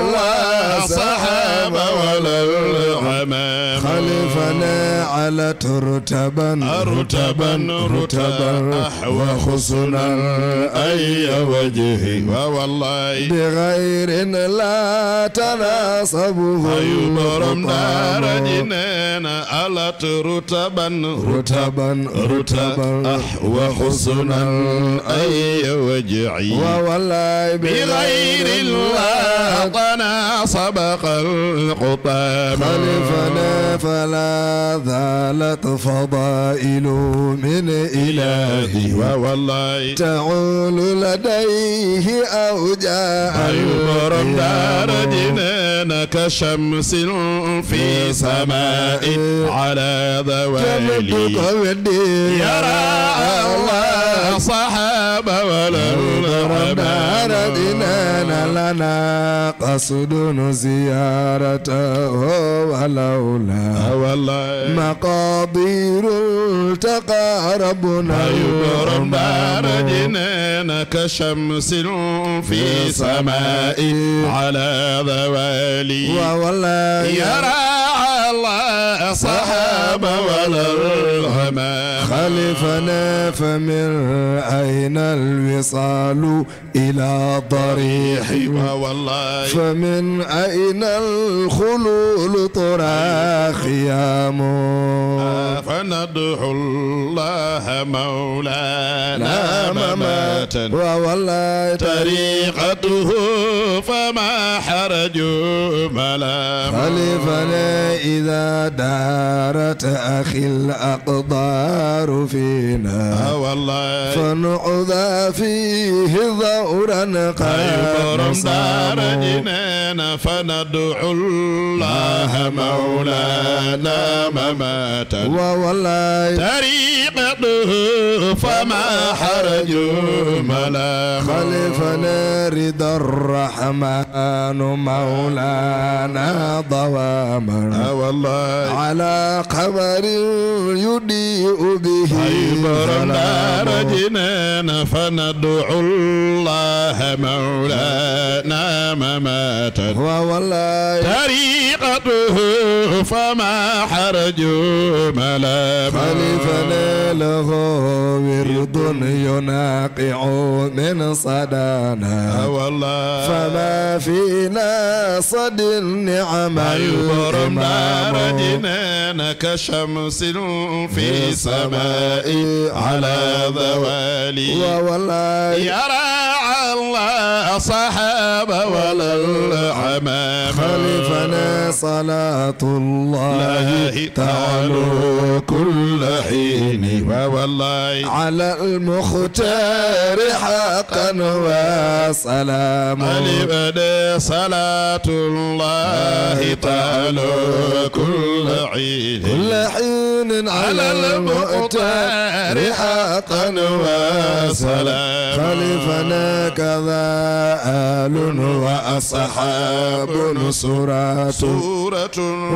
الله صحاب ولا العمام خلفنا جعلت رتبا رتبا رتبا وحسنا أي وجه والله بغير لا تناسبه يبرم نار جنان ألت رتبا رتبا رتبا وحسنا أي وجعي ووالله بغير الله تناسب خلق طابا خلفنا فلا ذا زالت فضائل من إلهي ووالله تعول لديه أوجاع المرم دار جنان كشمس في سماء على ذوالي يرى الله صحاب ولو ربنا ديننا لنا قصد زيارته ولولا ما مقادير التقى ربنا يبرم بار جنان كشمس في سماء على ذوالي ووالله يرى الله صحاب ولا الغمام خلفنا فمن أين الوصال إلى ضريح ووالله فمن أين الخلول طراخ يا مو فندعو الله مولانا مماتا ووالله طريقته فما حرج ملا خليفة إذا دارت أخي الأقدار فينا والله فنعذى فيه ظورا خير دار جنان فندعو الله مولانا مماتا وولاي طريقته فما حرج ملا خلفنا رضا الرحمن مولانا ضواما والله على قمر يضيء به عبرنا رجنان فندعو الله مولانا مماتا وولاي طريقته فما حرج ملا خلفنا له ورد يناقع من صدانا والله فما فينا صد النعم الإمام ردنانا كشمس في سماء على ذوالي ووالله يرى الله صحاب ولا العمام خلفنا صلاة الله تعالى ينال كل حين ووالله على المختار حقا وسلام لبدا صلاة الله تعالى كل حين كل حين على المختار حقا وسلام خلفنا كذا آل وأصحاب سورة سورة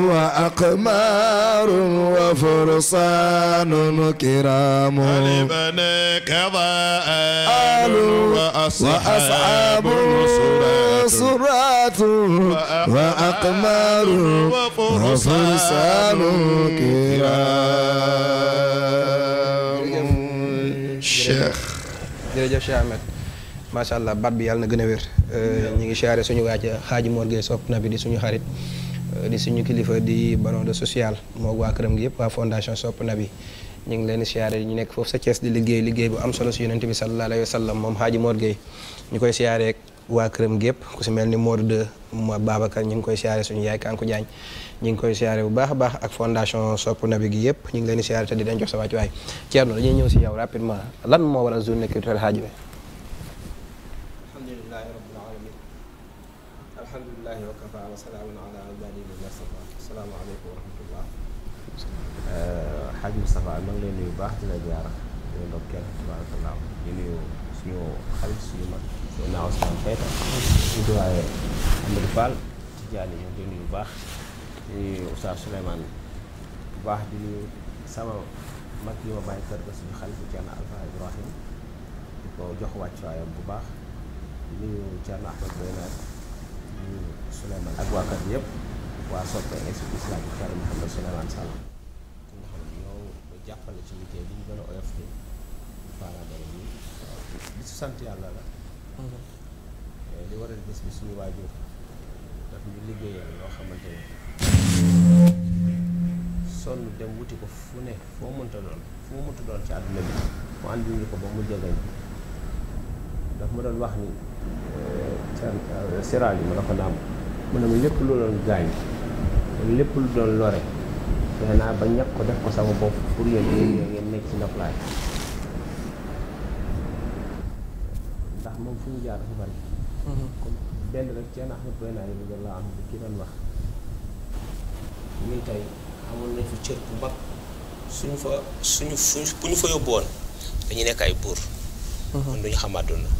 وأقمار وفرسان كرام لبنك ضآل وأصحاب سرات وأقمار وفرسان كرام Cheikh jërëjëf Cheikh Ahmed macha allah baat bi yàlla na gën a wér ñu ngi siyaare suñu waaj xaaji Mor Gueye sopp na bi di suñu xarit di suñu kilifa di baron de social moo waa këram gi yëpp waa fondation Sopp Nabi ñu ngi leen di siyaare ñu nekk foofu sa cees di liggéey liggéey bu am solo si yonent bi sallallahu alayhi wa sallam moom Hadji Mor waa këram gi yëpp ku si mel ni Mor de ma Babacar ñu ngi koy siyaare suñu yaay Kanku Diagne ñu ngi koy siyaare bu baax a baax ak fondation Sopp Nabi gi yëpp ñu ngi leen di siyaare te di leen jox sa wàccuwaay Thierno dañuy ñëw si yow rapidement lan moo a journée culturelle Hadji bi xaj Moustapha ma ngi leen nuyu bu baax di la jaar di la ndokkeel di nuyu suñu xarit suñu mag suñu naaw Ousmane Keita suñu doyee Amadou Fall ci jaani ñu ngi nuyu bu baax di nuyu Oustaz Souleymane bu baax di nuyu sama mag yi ma bàyyi kër ga suñu xarit bu Thierno Alpha Ibrahim di ko jox wàccuwaayam bu baax di nuyu Thierno Ahmed Boyna di nuyu Souleymane ak waa kër yëpp waa soppe institut islamique Thierno Mouhamed Souleymane Sall jàppale ci liggéey bi ñu gën a oyof te parents d'élèves sant yàlla la mm-hmm. li waral bés bi suñu waajur daf ñu liggéeyal loo xamante ne sonn dem wuti ko fu ne foo mënta doon foo mënta doon ci at bi mu àndi ko ba mu jegeñ daf ma doon wax ni eh, eh, seraal yi ma la ko naam mu ne ma lépp lu doon gaañ lépp lu doon lore fexe ba ñàkk ko def ko sama bopp pour yéen yéen ngeen nekk ci noflaay ndax moom fu ñu jaar dafa bari mhm. ki doon wax ñuy tey amoon nañ fi cër bu mag suñu fa suñu fu ñu fa yóbbuwoon dañuy nekk ay buur mhm. kon duñu xam àdduna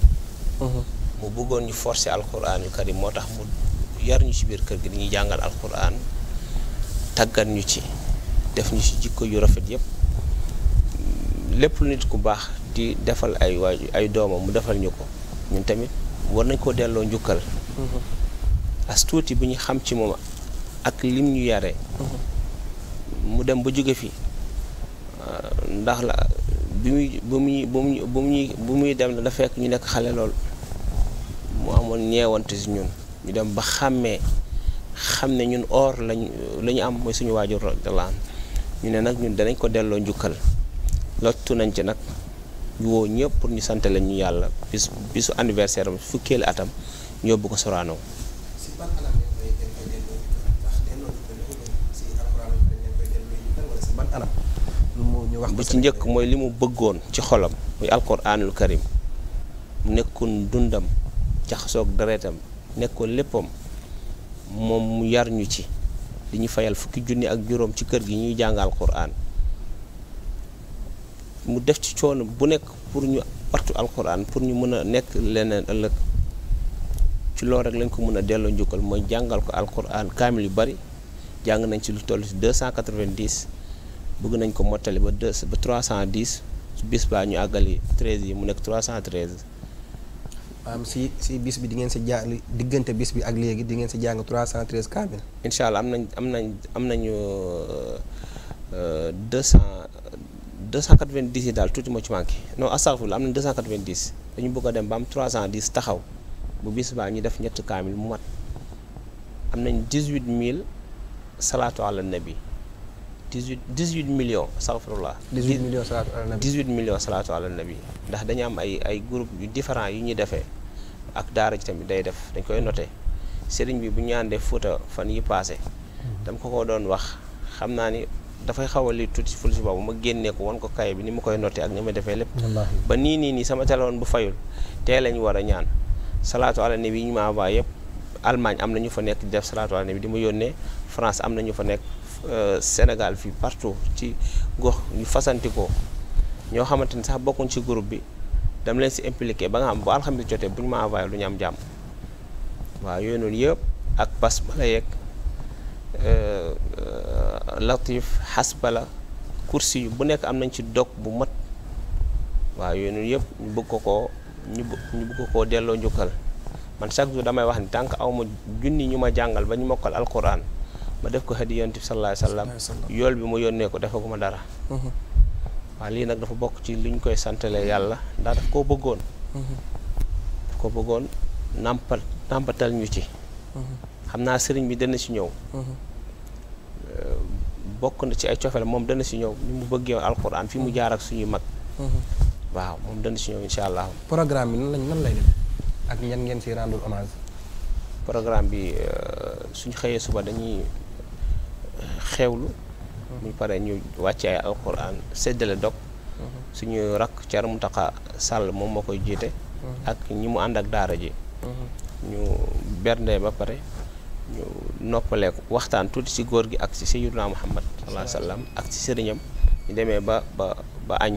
mhm. mu bëggoon ñu forcer alquran yu karim moo tax mu yar ñu ci biir kër gi dañuy jàngal alquran tàggat ñu ci def ñu ci jikko yu rafet yëpp lépp lu nit ku baax di defal ay waaju ay doomam mu defal ñu ko ñun tamit war nañ koo delloo njukkal mm-hmm. as tuuti bi ñu xam ci moom ak lim ñu yare mm-hmm. mu dem ba jóge fi ndax la bi muy bu muy bu muy bu muy dem da fekk ñu nekk xale lool mu amoon ñeewante si ñun ñu dem ba xàmmee xam ne ñun or lañ la ñu am mooy suñu waajur radiyallaahu anhu ñu ne nag ñun danañ ko delloo njukkal lottu nañ ci nag ñu woo ñëpp pour ñu sant la ñu yàlla bis bisu anniversaire am fukkeelu atam ñu yóbbu ko Sorano bu ci njëkk mooy li mu bëggoon ci xolam muy alquraanul karim nekkoon dundam jaxasoog deretam nekkoon léppam moom mu yar ñu ci di ñu fayal fukki junni ak juróom ci kër gi ñuy jàngal Alquran mu def ci coonu bu nekk pour ñu partu Alquran pour ñu mën a nekk leneen ëllëg ci loolu rek lañ ko mën a delloo njukkal mooy jàngal ko Alquran kaamil yu bari jàng nañ ci lu toll ci 290 bëgg nañ ko mottali ba 2 ba 310 bis baa ñu àggali 13 yi mu nekk 313. maanaam si si bis bi di ngeen si jàng diggante bis bi ak léegi di ngeen si jàng 313 kaamil. incha allah am nañ am nañ am nañu 200 euh, 290 euh, yi daal tuuti moo ci manqué non astafurlah am nañ 290 dañu bëgg a dem ba am 310 taxaw bu bis baa ñu def ñetti kaamil mu mat am nañ mille salaatu ala nabi dix-huit dix-huit millions astaghfirullah dix-huit millions salaatu ala nabi dix-huit millions salaatu ala nabi ndax dañu am ay ay groupe yu yu ñuy defee ak daara ji tamit day def dañ koy noté sëriñ bi bu ñu àndee Fuuta fan yi passé dama ko ko doon wax xam naa ni dafay xaw a li tuuti ful si boobu ma génnee woon ko kay bi ni ma koy noté ak ni ma defee lépp ba nii nii nii sama téléphone bu fayul tey lañ war a ñaan salaatu ala nabi yi ñu ma envoyé yëpp Allemagne am na ñu nekk def salaatu ala di ma yónnee France am na ñu fa nekk Euh, Sénégal fii partout ci gox ñu fasanti ñoo xamante ni sax bokkuñ ci groupe bi dama leen si impliqué ba nga xam bu alxamis jotee bu ñu ma envoyé lu ñu am jàmm waaw yooyu noonu yëpp ak bas bala yeeg euh, euh, latif xas bala kursi yu bu nekk am nañ ci dog bu mat waaw yooyu noonu yëpp ñu bëgg ko koo ñu ñu bëgg koo delloo njukkal man chaque jour damay wax ni tant que aw ma junni ñu ma jàngal ba ñu mokkal alquran ma def ko hadiya yonent bi sallallahu alayhi yool bi mu yónnee ko defaguma dara mm-hmm. lii nag dafa bokk ci liñ koy santalee yàlla ndax daf koo mm-hmm. ko bëggoon nàmpal nàmpatal ñu mm-hmm. naa sëriñ bi dana ci ñëw bokk ci ay cofeel moom dana ci ñëw ni fi mu jaar ak mag moom dana ci ñëw insha ak ngeen ci rendre hommage programme xëyee suba dañuy xewlu bu ñu paree ñu wàcce ay alxuraan séddale dog mhm. suñu rakk mu Mountakha sàll moom moo koy jiite mhm. ak ñi mu ànd ak daara ji mhm. ñu bernde ba pare ñu noppaleeku waxtaan tuuti ci góor gi ak ci sayyiduna Muhammad sallallahu alayhi ak si sëriñam ñu demee ba ba ba añ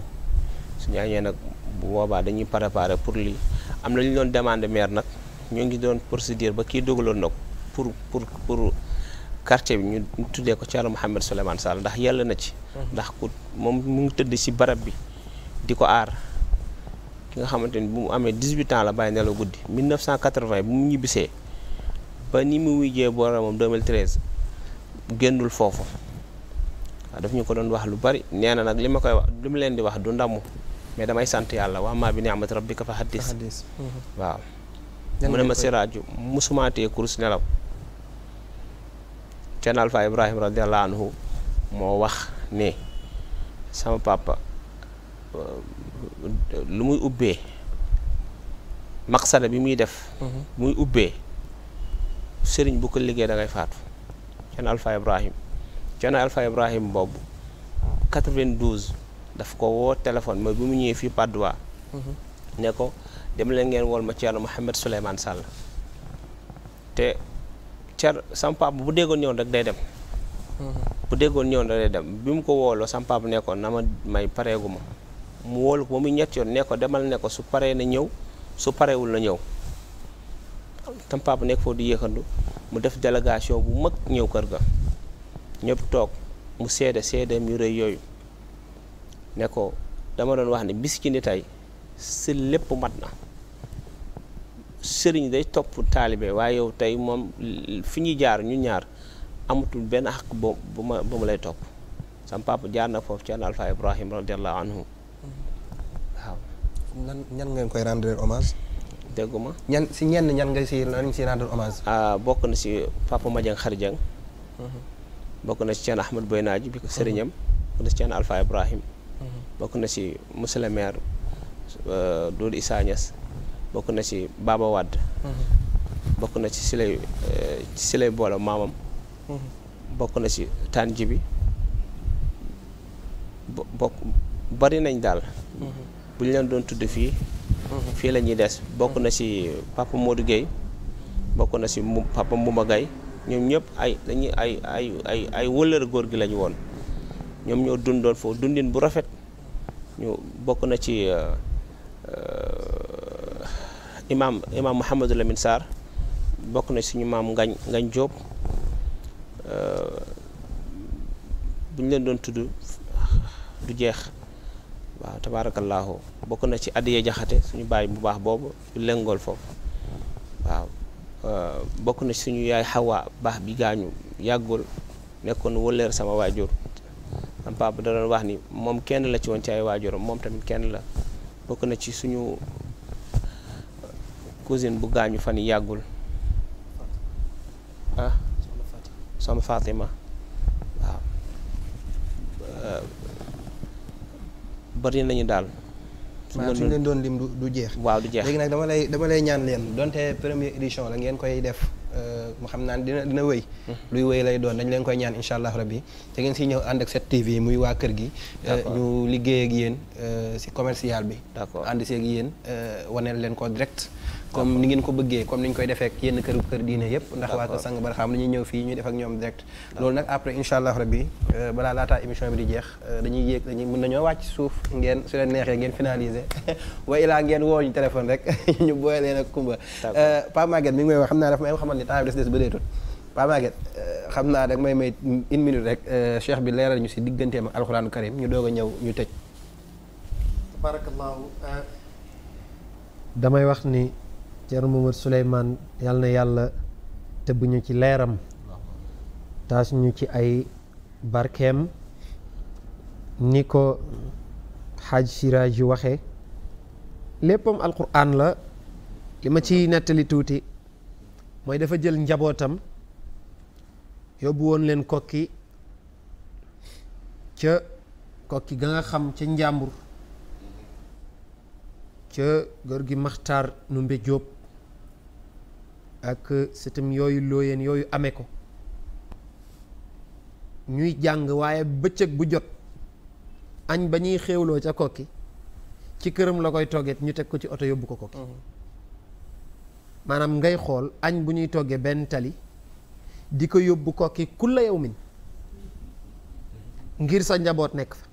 suñu añee nag bu boobaa dañuy préparer pour lii am na lu ñu doon demander maire nag ñoo ngi doon procédure ba kii dogaloon na pour pour quartier bi ñu tuddee ko Thierno Mouhamed Souleymane Sall ndax yàlla na ci. Mhm. ndax ku moom mu tëdd si barab bi di ko aar ki nga xamante ni bu mu amee 18 ans la bàyyi nelaw guddi 1980 bu mu ñibbisee ba ni mu wujjee boromam 2013 génnul foofu waaw daf ñu ko doon wax lu bari nee na nag li ma koy wax li mu leen di wax du ndamu mais damay sant yàlla wa maa bi ni'mati rabbika fa haddis mhm. waaw. mu ne ma siraaju musumaatee kurus nelaw. Cerno Alfa Ibrahim radiallahu anhu moo wax ne sama papa euh, lu muy ubbee maqsada bi muy def mhm. muy ubbee sëriñ bu ko liggéey dangay ngay faatu Cerno Alfa Ibrahim Cerno Alfa Ibrahim boobu 92 daf ko woo téléphone mooy bi mu ñëwee fii Padoua mhm. ne ko dem leen ngeen ma Cerno Mouhamed Souleymane Sall te cer sama bu déggoon ñëw rek day dem mm-hmm. bu déggoon ñëw rek day dem bi mu ko wooloo sama papa nekkoon na ma may pareegu ma mu woolu ko ba muy ñett yoon ne ko demal ne ko su paree na ñëw su pareewul na ñëw tam papa nekk foofu di yéexandu mu def délégation bu mag ñëw kër ga ñëpp toog mu seede seedeem yu rëy yooyu ne ko dama doon wax ne bis ci ni tey si lépp mat na sëriñ day topp taalibe waaye yow tey moom fi ñuy jaar ñu ñaar amatul benn xaq ba bu ma ba mu lay topp sam papa jaar na foofu ci an Alpha Ibrahim radiallahu anhu ñan ñan koy rendre hommage dégguma ñan si ñenn ñan nga si nañ si ah, bokk na si papa Madiang mhm. bokk na si Cheikh Ahmad Boynaaji bi ko mhm. sëriñam na si Alpha Ibrahim mhm. bokk na si monsieur le maire euh, Doudou bokk na ci Baba Wade mm-hmm. bokk na ci silay eh, silay boola maamam mm-hmm. bokk na ci taan jibi bokk bari nañ daal mm-hmm. bu ñu leen doon tudd fii fii lañuy des bokk na ci Papa Modou Gueye bokk na ci mu Papa Mouma Gueye ñoom ñëpp ay dañuy ay ay ay wëllër góor gi lañu woon ñoom ñoo dundoon foofu dundin bu rafet ñu bokk na ci eh, eh, imaam imaam Mouhamadou Lamine saar bokk na suñu maam Ngañ Ngañ Diop euh, bu ñu leen doon tudd du jeex waaw tabaarakallaahu bokk na ci Adiya Jaxate suñu baay bu baax boobu lengool foofu waaw euh, bokk na ci suñu yaay xawa baax bi gaañu yàggul nekkoon wëlleer sama waajur am papa da doon wax ni moom kenn la ci woon ci ay waajuram moom tamit kenn la bokk na ci suñu cousine bu gaañu fan yi yàggul ah soxna Fatima waaw eh, bari nañu daal su ñu leen doon lim du jeex waaw du jeex léegi nag dama lay dama lay ñaan leen donte première édition la ngeen koy def eh, mu xam naa dina dina wéy mm-hmm. luy wéy lay doon dañ leen koy ñaan incha allah rabbi te ngeen si ñëw ànd ak 7TV muy waa kër gi eh, ñu liggéey ak yéen si commercial bi ànd si ak waneel leen ko direct comme ni ngeen ko bëggee comme ni ñu koy defee ak yenn këru kër diine yëpp ndax waa kër sang barxaam dañuy ñëw fii ñuy def ak ñoom direct loolu nag après incha allah rabbi euh, balaa laataa émission bi di jeex euh, dañuy yéeg dañuy mën nañoo wàcc suuf ngeen su leen neexee ngeen finaliser <laughs> wa ilaa ngeen woo ñu téléphone rek <laughs> ñu booye leen ak kumba euh, Pape Maguette mi ngi may wax xam naa dafa may xamal ni temps bi des des xam naa dag may may une minute rek cheikh bi leeral ñu si digganteem ak alxuraanu karim ñu doog a ñëw ñu tëj tabarakallahu damay ni Thierno Mamadou Souleymane yal na yàlla tëbb ñu ci leeram taas ñu ci ay barkeem ni ko xaaj siraaj yu waxe léppam alquran la li ma ci nettali tuuti mooy dafa jël njabootam yóbbu woon leen kokki ca kokki ga nga xam ca njàmbur ca góor gi maxtaar nu mbe ak sëtam yooyu looyeen yooyu amee ko ñuy jàng waaye bëccëg bu jot añ ba ñuy xéewloo ca kokki ci këram la koy toggeet ñu teg ko ci oto yóbbu ko kokki mhm. maanaam ngay xool añ bu ñuy toggee benn tali di ko yóbbu kokki kulla yow min ngir sa njaboot nekk fa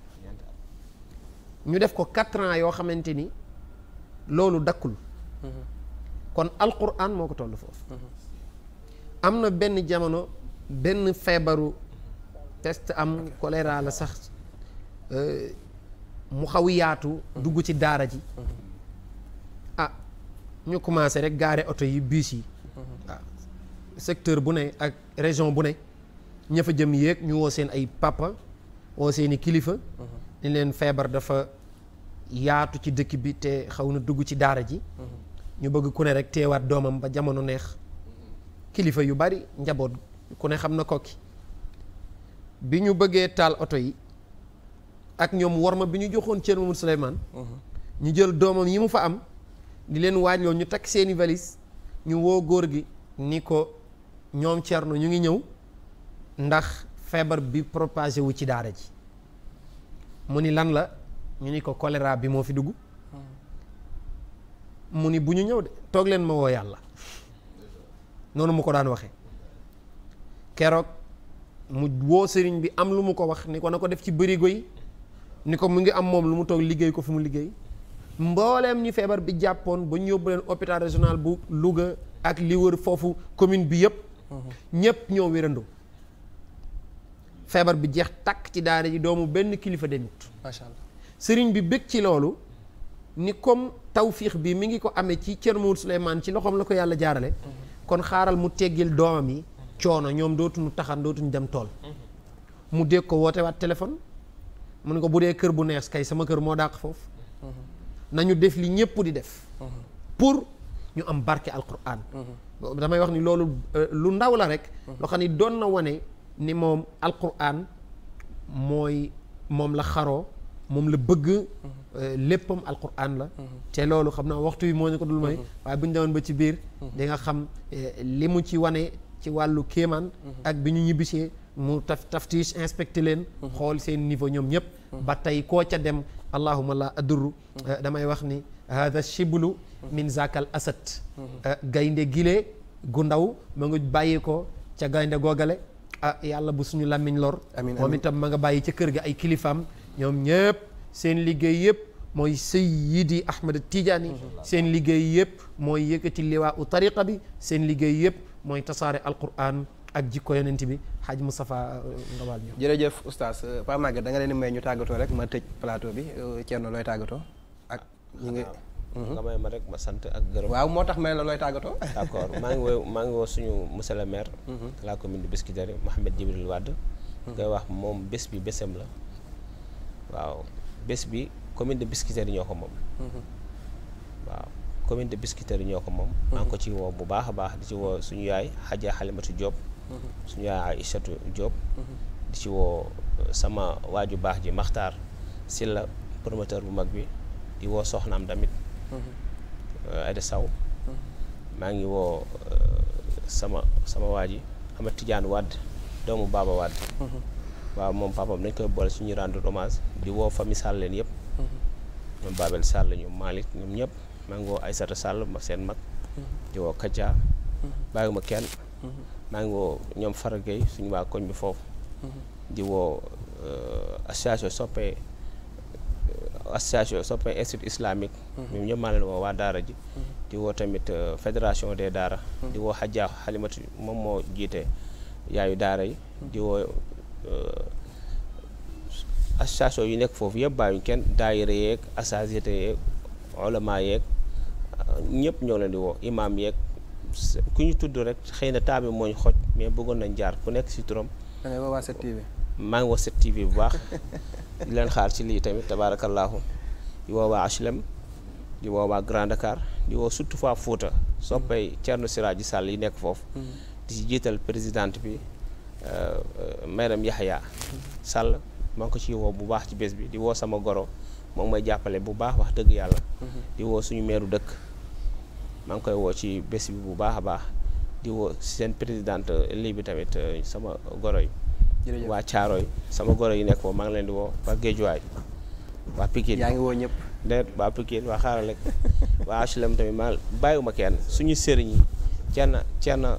ñu def ko quatre ans yoo xamante ni loolu dakkul mhm. kon alquran moo ko toll foofu am na benn jamono benn feebaru test am choléra la sax euh, mu xaw yaatu dugg ci daara ji ah ñu commencé rek gaare oto yi bus yi ah, secteur bu ne ak région bu ne ña jëm yéeg ñu woo seen ay papa woo seen i kilifa mhm. ni leen feebar dafa yaatu ci dëkk bi te xaw na dugg ci daara ji mhm. ñu bëgg ku ne rek teewaat doomam ba jamono neex kilifa yu bari njaboot ku ne xam na kokki bi ñu bëggee taal oto yi ak ñoom worma bi ñu joxoon Thierno Mamadou ñu jël doomam yi mu fa am di leen waajloo ñu takk seeni valis ñu woo góor gi ni ko ñoom Thierno ñu ngi ñëw ndax feebar bi propagé wu ci daara ji mu ni lan la ñu ni ko choléra bi moo fi dugg mu ni bu ñu ñëw de toog leen ma woo yàlla noonu mu ko daan waxee keroog mu woo sëriñ bi am lu mu ko wax ni ko na ko def ci bërigo yi ni ko mu ngi am moom lu mu toog liggéey ko fi mu liggéey mbooleem ñu feebar bi jàppoon ba ñu yóbbu leen hôpital régional bu Louga ak li wër foofu commune bi yëpp. Mhm. ñëpp ñoo wérandoo. feebar bi jeex takk ci daara yi doomu benn kilifa demut. macha allah sëriñ bi bëgg ci loolu. ni comme tawfiix bi mu ngi ko ame ci Thierno Moule Souleymane ci loxoom la ko yàlla jaarale kon xaaral mu teggil doomam yi coono ñoom dootuñu taxan dootuñu dem tool mu dégg ko woote waat téléphone mu ne ko bu dee kër bu nees kay sama kër moo dàq foofu nañu def li ñëpp di def pour ñu am barke alquran damay wax ni loolu euh, lu ndaw la rek loo xam ni doon na wone ni moom alquran mooy moom la xaroo moom la bëgg Euh, léppam alquran la mhm. te loolu xam naa waxtu yi moo ñu ko dul may mhm. waaye bu ñu demoon ba ci biir mhm. di nga xam euh, li mu ci wane ci wàllu kéemaan ak bi ñu ñibbisee mu taf taftiche inspecté leen xool seen niveau ñoom ñëpp ba tey koo ca dem allahuma la aduru euh, damay wax ni hada shiblu min zakal asad gaynde gile gu ndaw ma nga bàyyi ko ca gaynde googale ah, yàlla bu suñu làmmiñ lor moom itam ma nga bàyyi ca kër ga ay kilifaam ñoom ñëpp seen liggéey yëpp mooy Sayyidi Ahmad Tijaani seen liggéey yëpp mooy yëkkati liwaa u tariqa bi seen liggéey yëpp mooy tasaare alquran ak jikko yonent bi xaaj Moustapha nga baal ñu jërëjëf oustaz euh, Pa Maguette da nga leen may ñu tàggatoo rek ma tëj plateau bi euh, Thierno looy tàggatoo ak ñu ngi ah, mhm. nga may ma rek ma sant ak gërëm waaw moo tax may la looy tàggatoo <laughs> d'accord maa ngi woo maa ngi woo suñu monsieur le maire mhm. la commune de Biscuiterie Mouhamed Djibril Wade ngay mhm. wax moom bés bi bésam la waaw bés bi commune de Biscuiterie ñoo ko moom. Mm-hmm. waaw commune de yi ñoo ko moom. Mm-hmm. maa ngi ko ci woo bu baax a baax di ci woo suñu yaay Hadja Halimatu Diop. Mm-hmm. suñu yaay Aïssatou Diop. di ci woo sama waaju baax ji Maxtaar Silla promoteur bu mag bi di woo soxnaam tamit. Euh, Aïda Saw maa ngi woo euh, sama sama waa ji Amad Tidiane Wade doomu Baba Wade. waaw moom papaam dañ koy boole suñuy rend hommage di woo famille Sall leen yëpp. Mm-hmm. ñoom Babel Sall ñoom Malick ñoom ñëpp maa ngi woo Aïssata Sall ma seen mag. Mm-hmm. di woo Kaja. Mm-hmm. bàyyiwuma kenn. maa ngi woo ñoom Fara suñu waa koñ bi foofu. di woo euh, association soppe euh, association islamique. ñoom ñëpp maa leen woo waa Daara ji. di tamit euh, fédération des Daara. di woo Hadja moom moo jiite yaayu Daara yi. di Euh, association yu nekk foofu yëpp bàyyiwuñ kenn daayira yéeg association yeeg olama yeeg euh, ñëpp ñoo leen di woo imaam yeeg ku ñu tudd rek xëy na temps bi moo xoj mais bëggoon nañ jaar ku nekk si turam. da ngay woowaa tv bu baax di leen xaar ci lii tamit tabaarakallaahu di woowaa HLM di woowaa Grand Dakar di woo surtout waa Fouta soppay Thierno Siraji Sall yi nekk foofu. Hmm. di ci jiital présidente bi. Euh, euh, mairam Yaxya Sall maa ko ci woo bu baax ci bés bi di woo sama goro moom may jàppale bu baax wax dëgg yàlla mhm. di woo suñu meeru dëkk maa ngi koy woo ci bés bi bu baax a baax di woo seen président lii bi tamit euh, sama goro yi waa Caaro yi sama goro yi nekk foofu maa ngi leen di woo waa Géejuwaay waa Pikine yaa ngi woo ñëpp déet waa Pikine waa xaaral rek waa HLM tamit maa bàyyiwuma kenn suñu sëriñ yi Cerno Cerno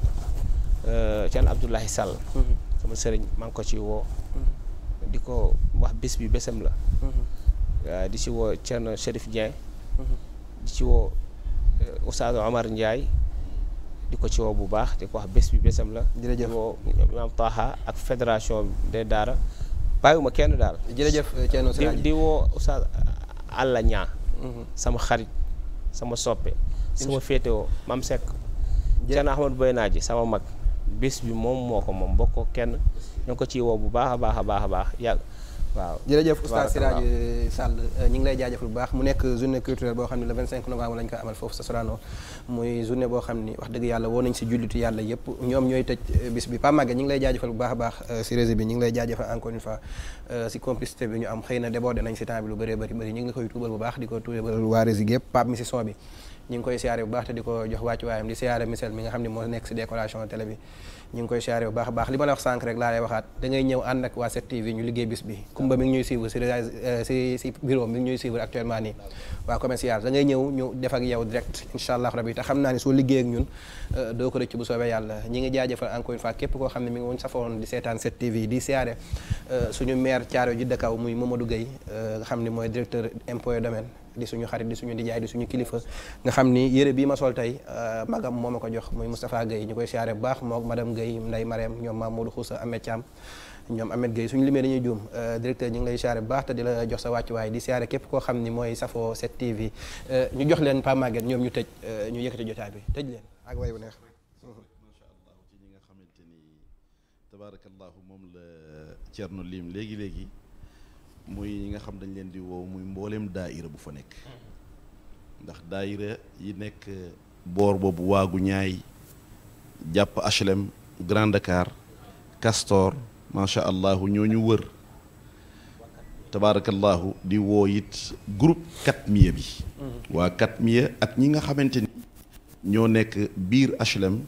Euh, Thierno Abdoulaye Sall. Mm-hmm. sama sëriñ maa ngi ko ci woo. Mm-hmm. di ko wax bés bi bésam la. Mm-hmm. di ci woo Thierno Chérif Dieng. di ci woo euh, Oustaz Omar Ndiaye. di ko ci woo bu baax di ko wax bés bi bésam la. jërëjëf di woo Maam Taha ak fédération des Daara bàyyiwuma kenn daal. jërëjëf Thierno Siraj di sama xarit sama soppe. sama féetewoo Maam Seck. Thierno Ahmad Boy Naaji sama mag. bés bi moom moo ko moom bokk ko kenn ñu ko ci woo bu baax a baax a baax a baax yàlla waaw jërëjëf oustaz Siraj Sall euh, ñu mu ne le 25 novembre lañ ko amal foofu sa Sorano muy journée boo xam ni wax dëgg yàlla woo nañ si jullitu yàlla yëpp ñoom ñooy tëj euh, bis bi ñu ngi lay jaajëfal bu baax a baax euh, si réseau bi ñu ngi lay jaajëfal encore une fois si complicité bi ñu am xëy na débordé nañ si temps bi lu bëree bëri ñu ngi koy tuubal bu baax di ko tuubal waa réseau bi yëpp Pape mi si son bi ñi ngi koy siyaare bu baax te di ko jox wàccu waayam di siyaare misel mi nga xam ne moo nekk si décoration télé bi ñu ngi koy siyaare bu baax baax li ma la wax sànq rek laa waxaat da ñëw ànd ak waa 7TV ñu liggéey bis bi kumba mi ngi ñuy suivre si euh, si si bureau mi ngi ñëw ñu def ak yow direct incha allah rabi te xam naa ne soo liggéey ak ñun euh, doo ko rëcc bu soobee yàlla ñi ngi jaajëfal encore une fois képp koo xam ne mi ngi woon safoon di seetaan 7TV di euh, maire Thiaroye ji dakaw muy Mamadou Gueye nga xam ne mooy directeur impôt domaine di suñu xarit di suñu ndijaay di suñu kilifa nga xam ni yére bii ma sol tey euh, magam moom ma ko jox muy Moustapha Guèye ñu koy siyaare bu baax mook madame Guèye Ndeye Marème ñoom Mamadou Xoussa Ahmed Thiam ñoom Ahmed Gueye suñu limee dañuy juum euh, directeur ñu ngi lay siyaare bu baax te di la jox sa wàccuwaay di siyaare képp koo xam ni mooy safoo 7TV euh, ñu jox leen Pa Maguette ñoom ñu tëj ñu yëkkati jotaay bi tëj leen ak way bu neex macha allah ci ñi nga xamante ni tabarakallahu moom la Thierno Lim léegi-léegi muy ñi nga xam dañ leen di wow muy mbooleem daayira bu fa nekk mm-hmm. ndax daayira yi nekk boor boobu waagu ñaay jàpp HLM Grand Dakar Castor macha allah ñoo ñu wër tabaarakallahu di woo it groupe Katmiya bi mm-hmm. waa Katmiya ak ñi nga xamante ni ñoo nekk biir HLM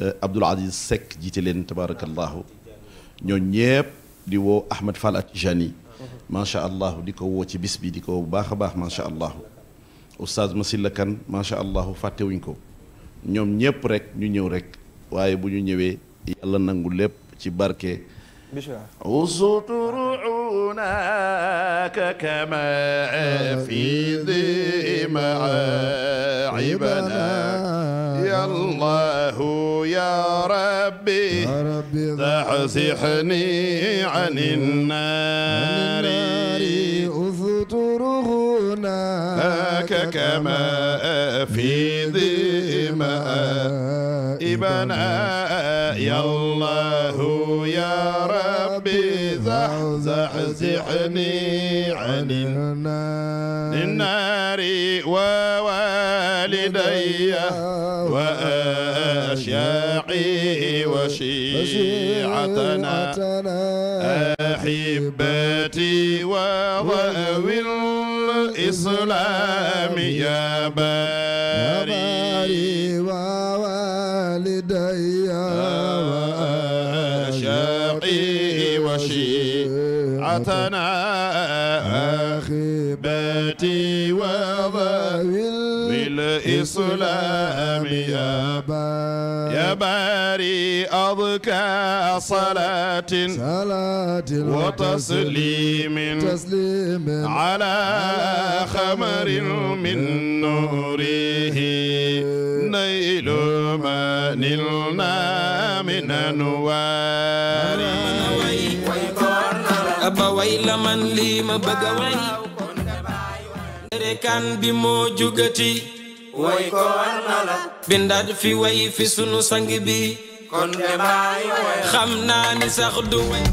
eh, Abdoul Aziz Seck jiite leen tabaarakallahu ñoo ñëpp di woo Ahmed Fall Atijani macha allah di ko woo ci bis bi di ko woo bu baax a baax macha allah oustaz Masila Kane macha allah fàttewuñ ko ñoom ñëpp rek ñu ñëw rek waaye bu ñu ñëwee yàlla nangu lépp ci barke. أسط رعوناك كما أفيض مع عبنا يا الله يا ربي زحزحني عن النار أسط رعوناك كما أفيض مع عبنا يا الله يا ربي وزحني عن النار ووالدي وأشياعي وشيعتنا أحبتي وضأوي الإسلام يا باري وطنا أخبتي وضوي الإسلام يا يا باري أذكى صلاة صلاة وتسليم تسليم على خمر من نوره نيل ما نلنا من أنواره man lii ma bëgg a way rekaan bi moo jugati way ko war na la bindaat fi way fi sunu sang bi kon de bàyyi xam naa sax du way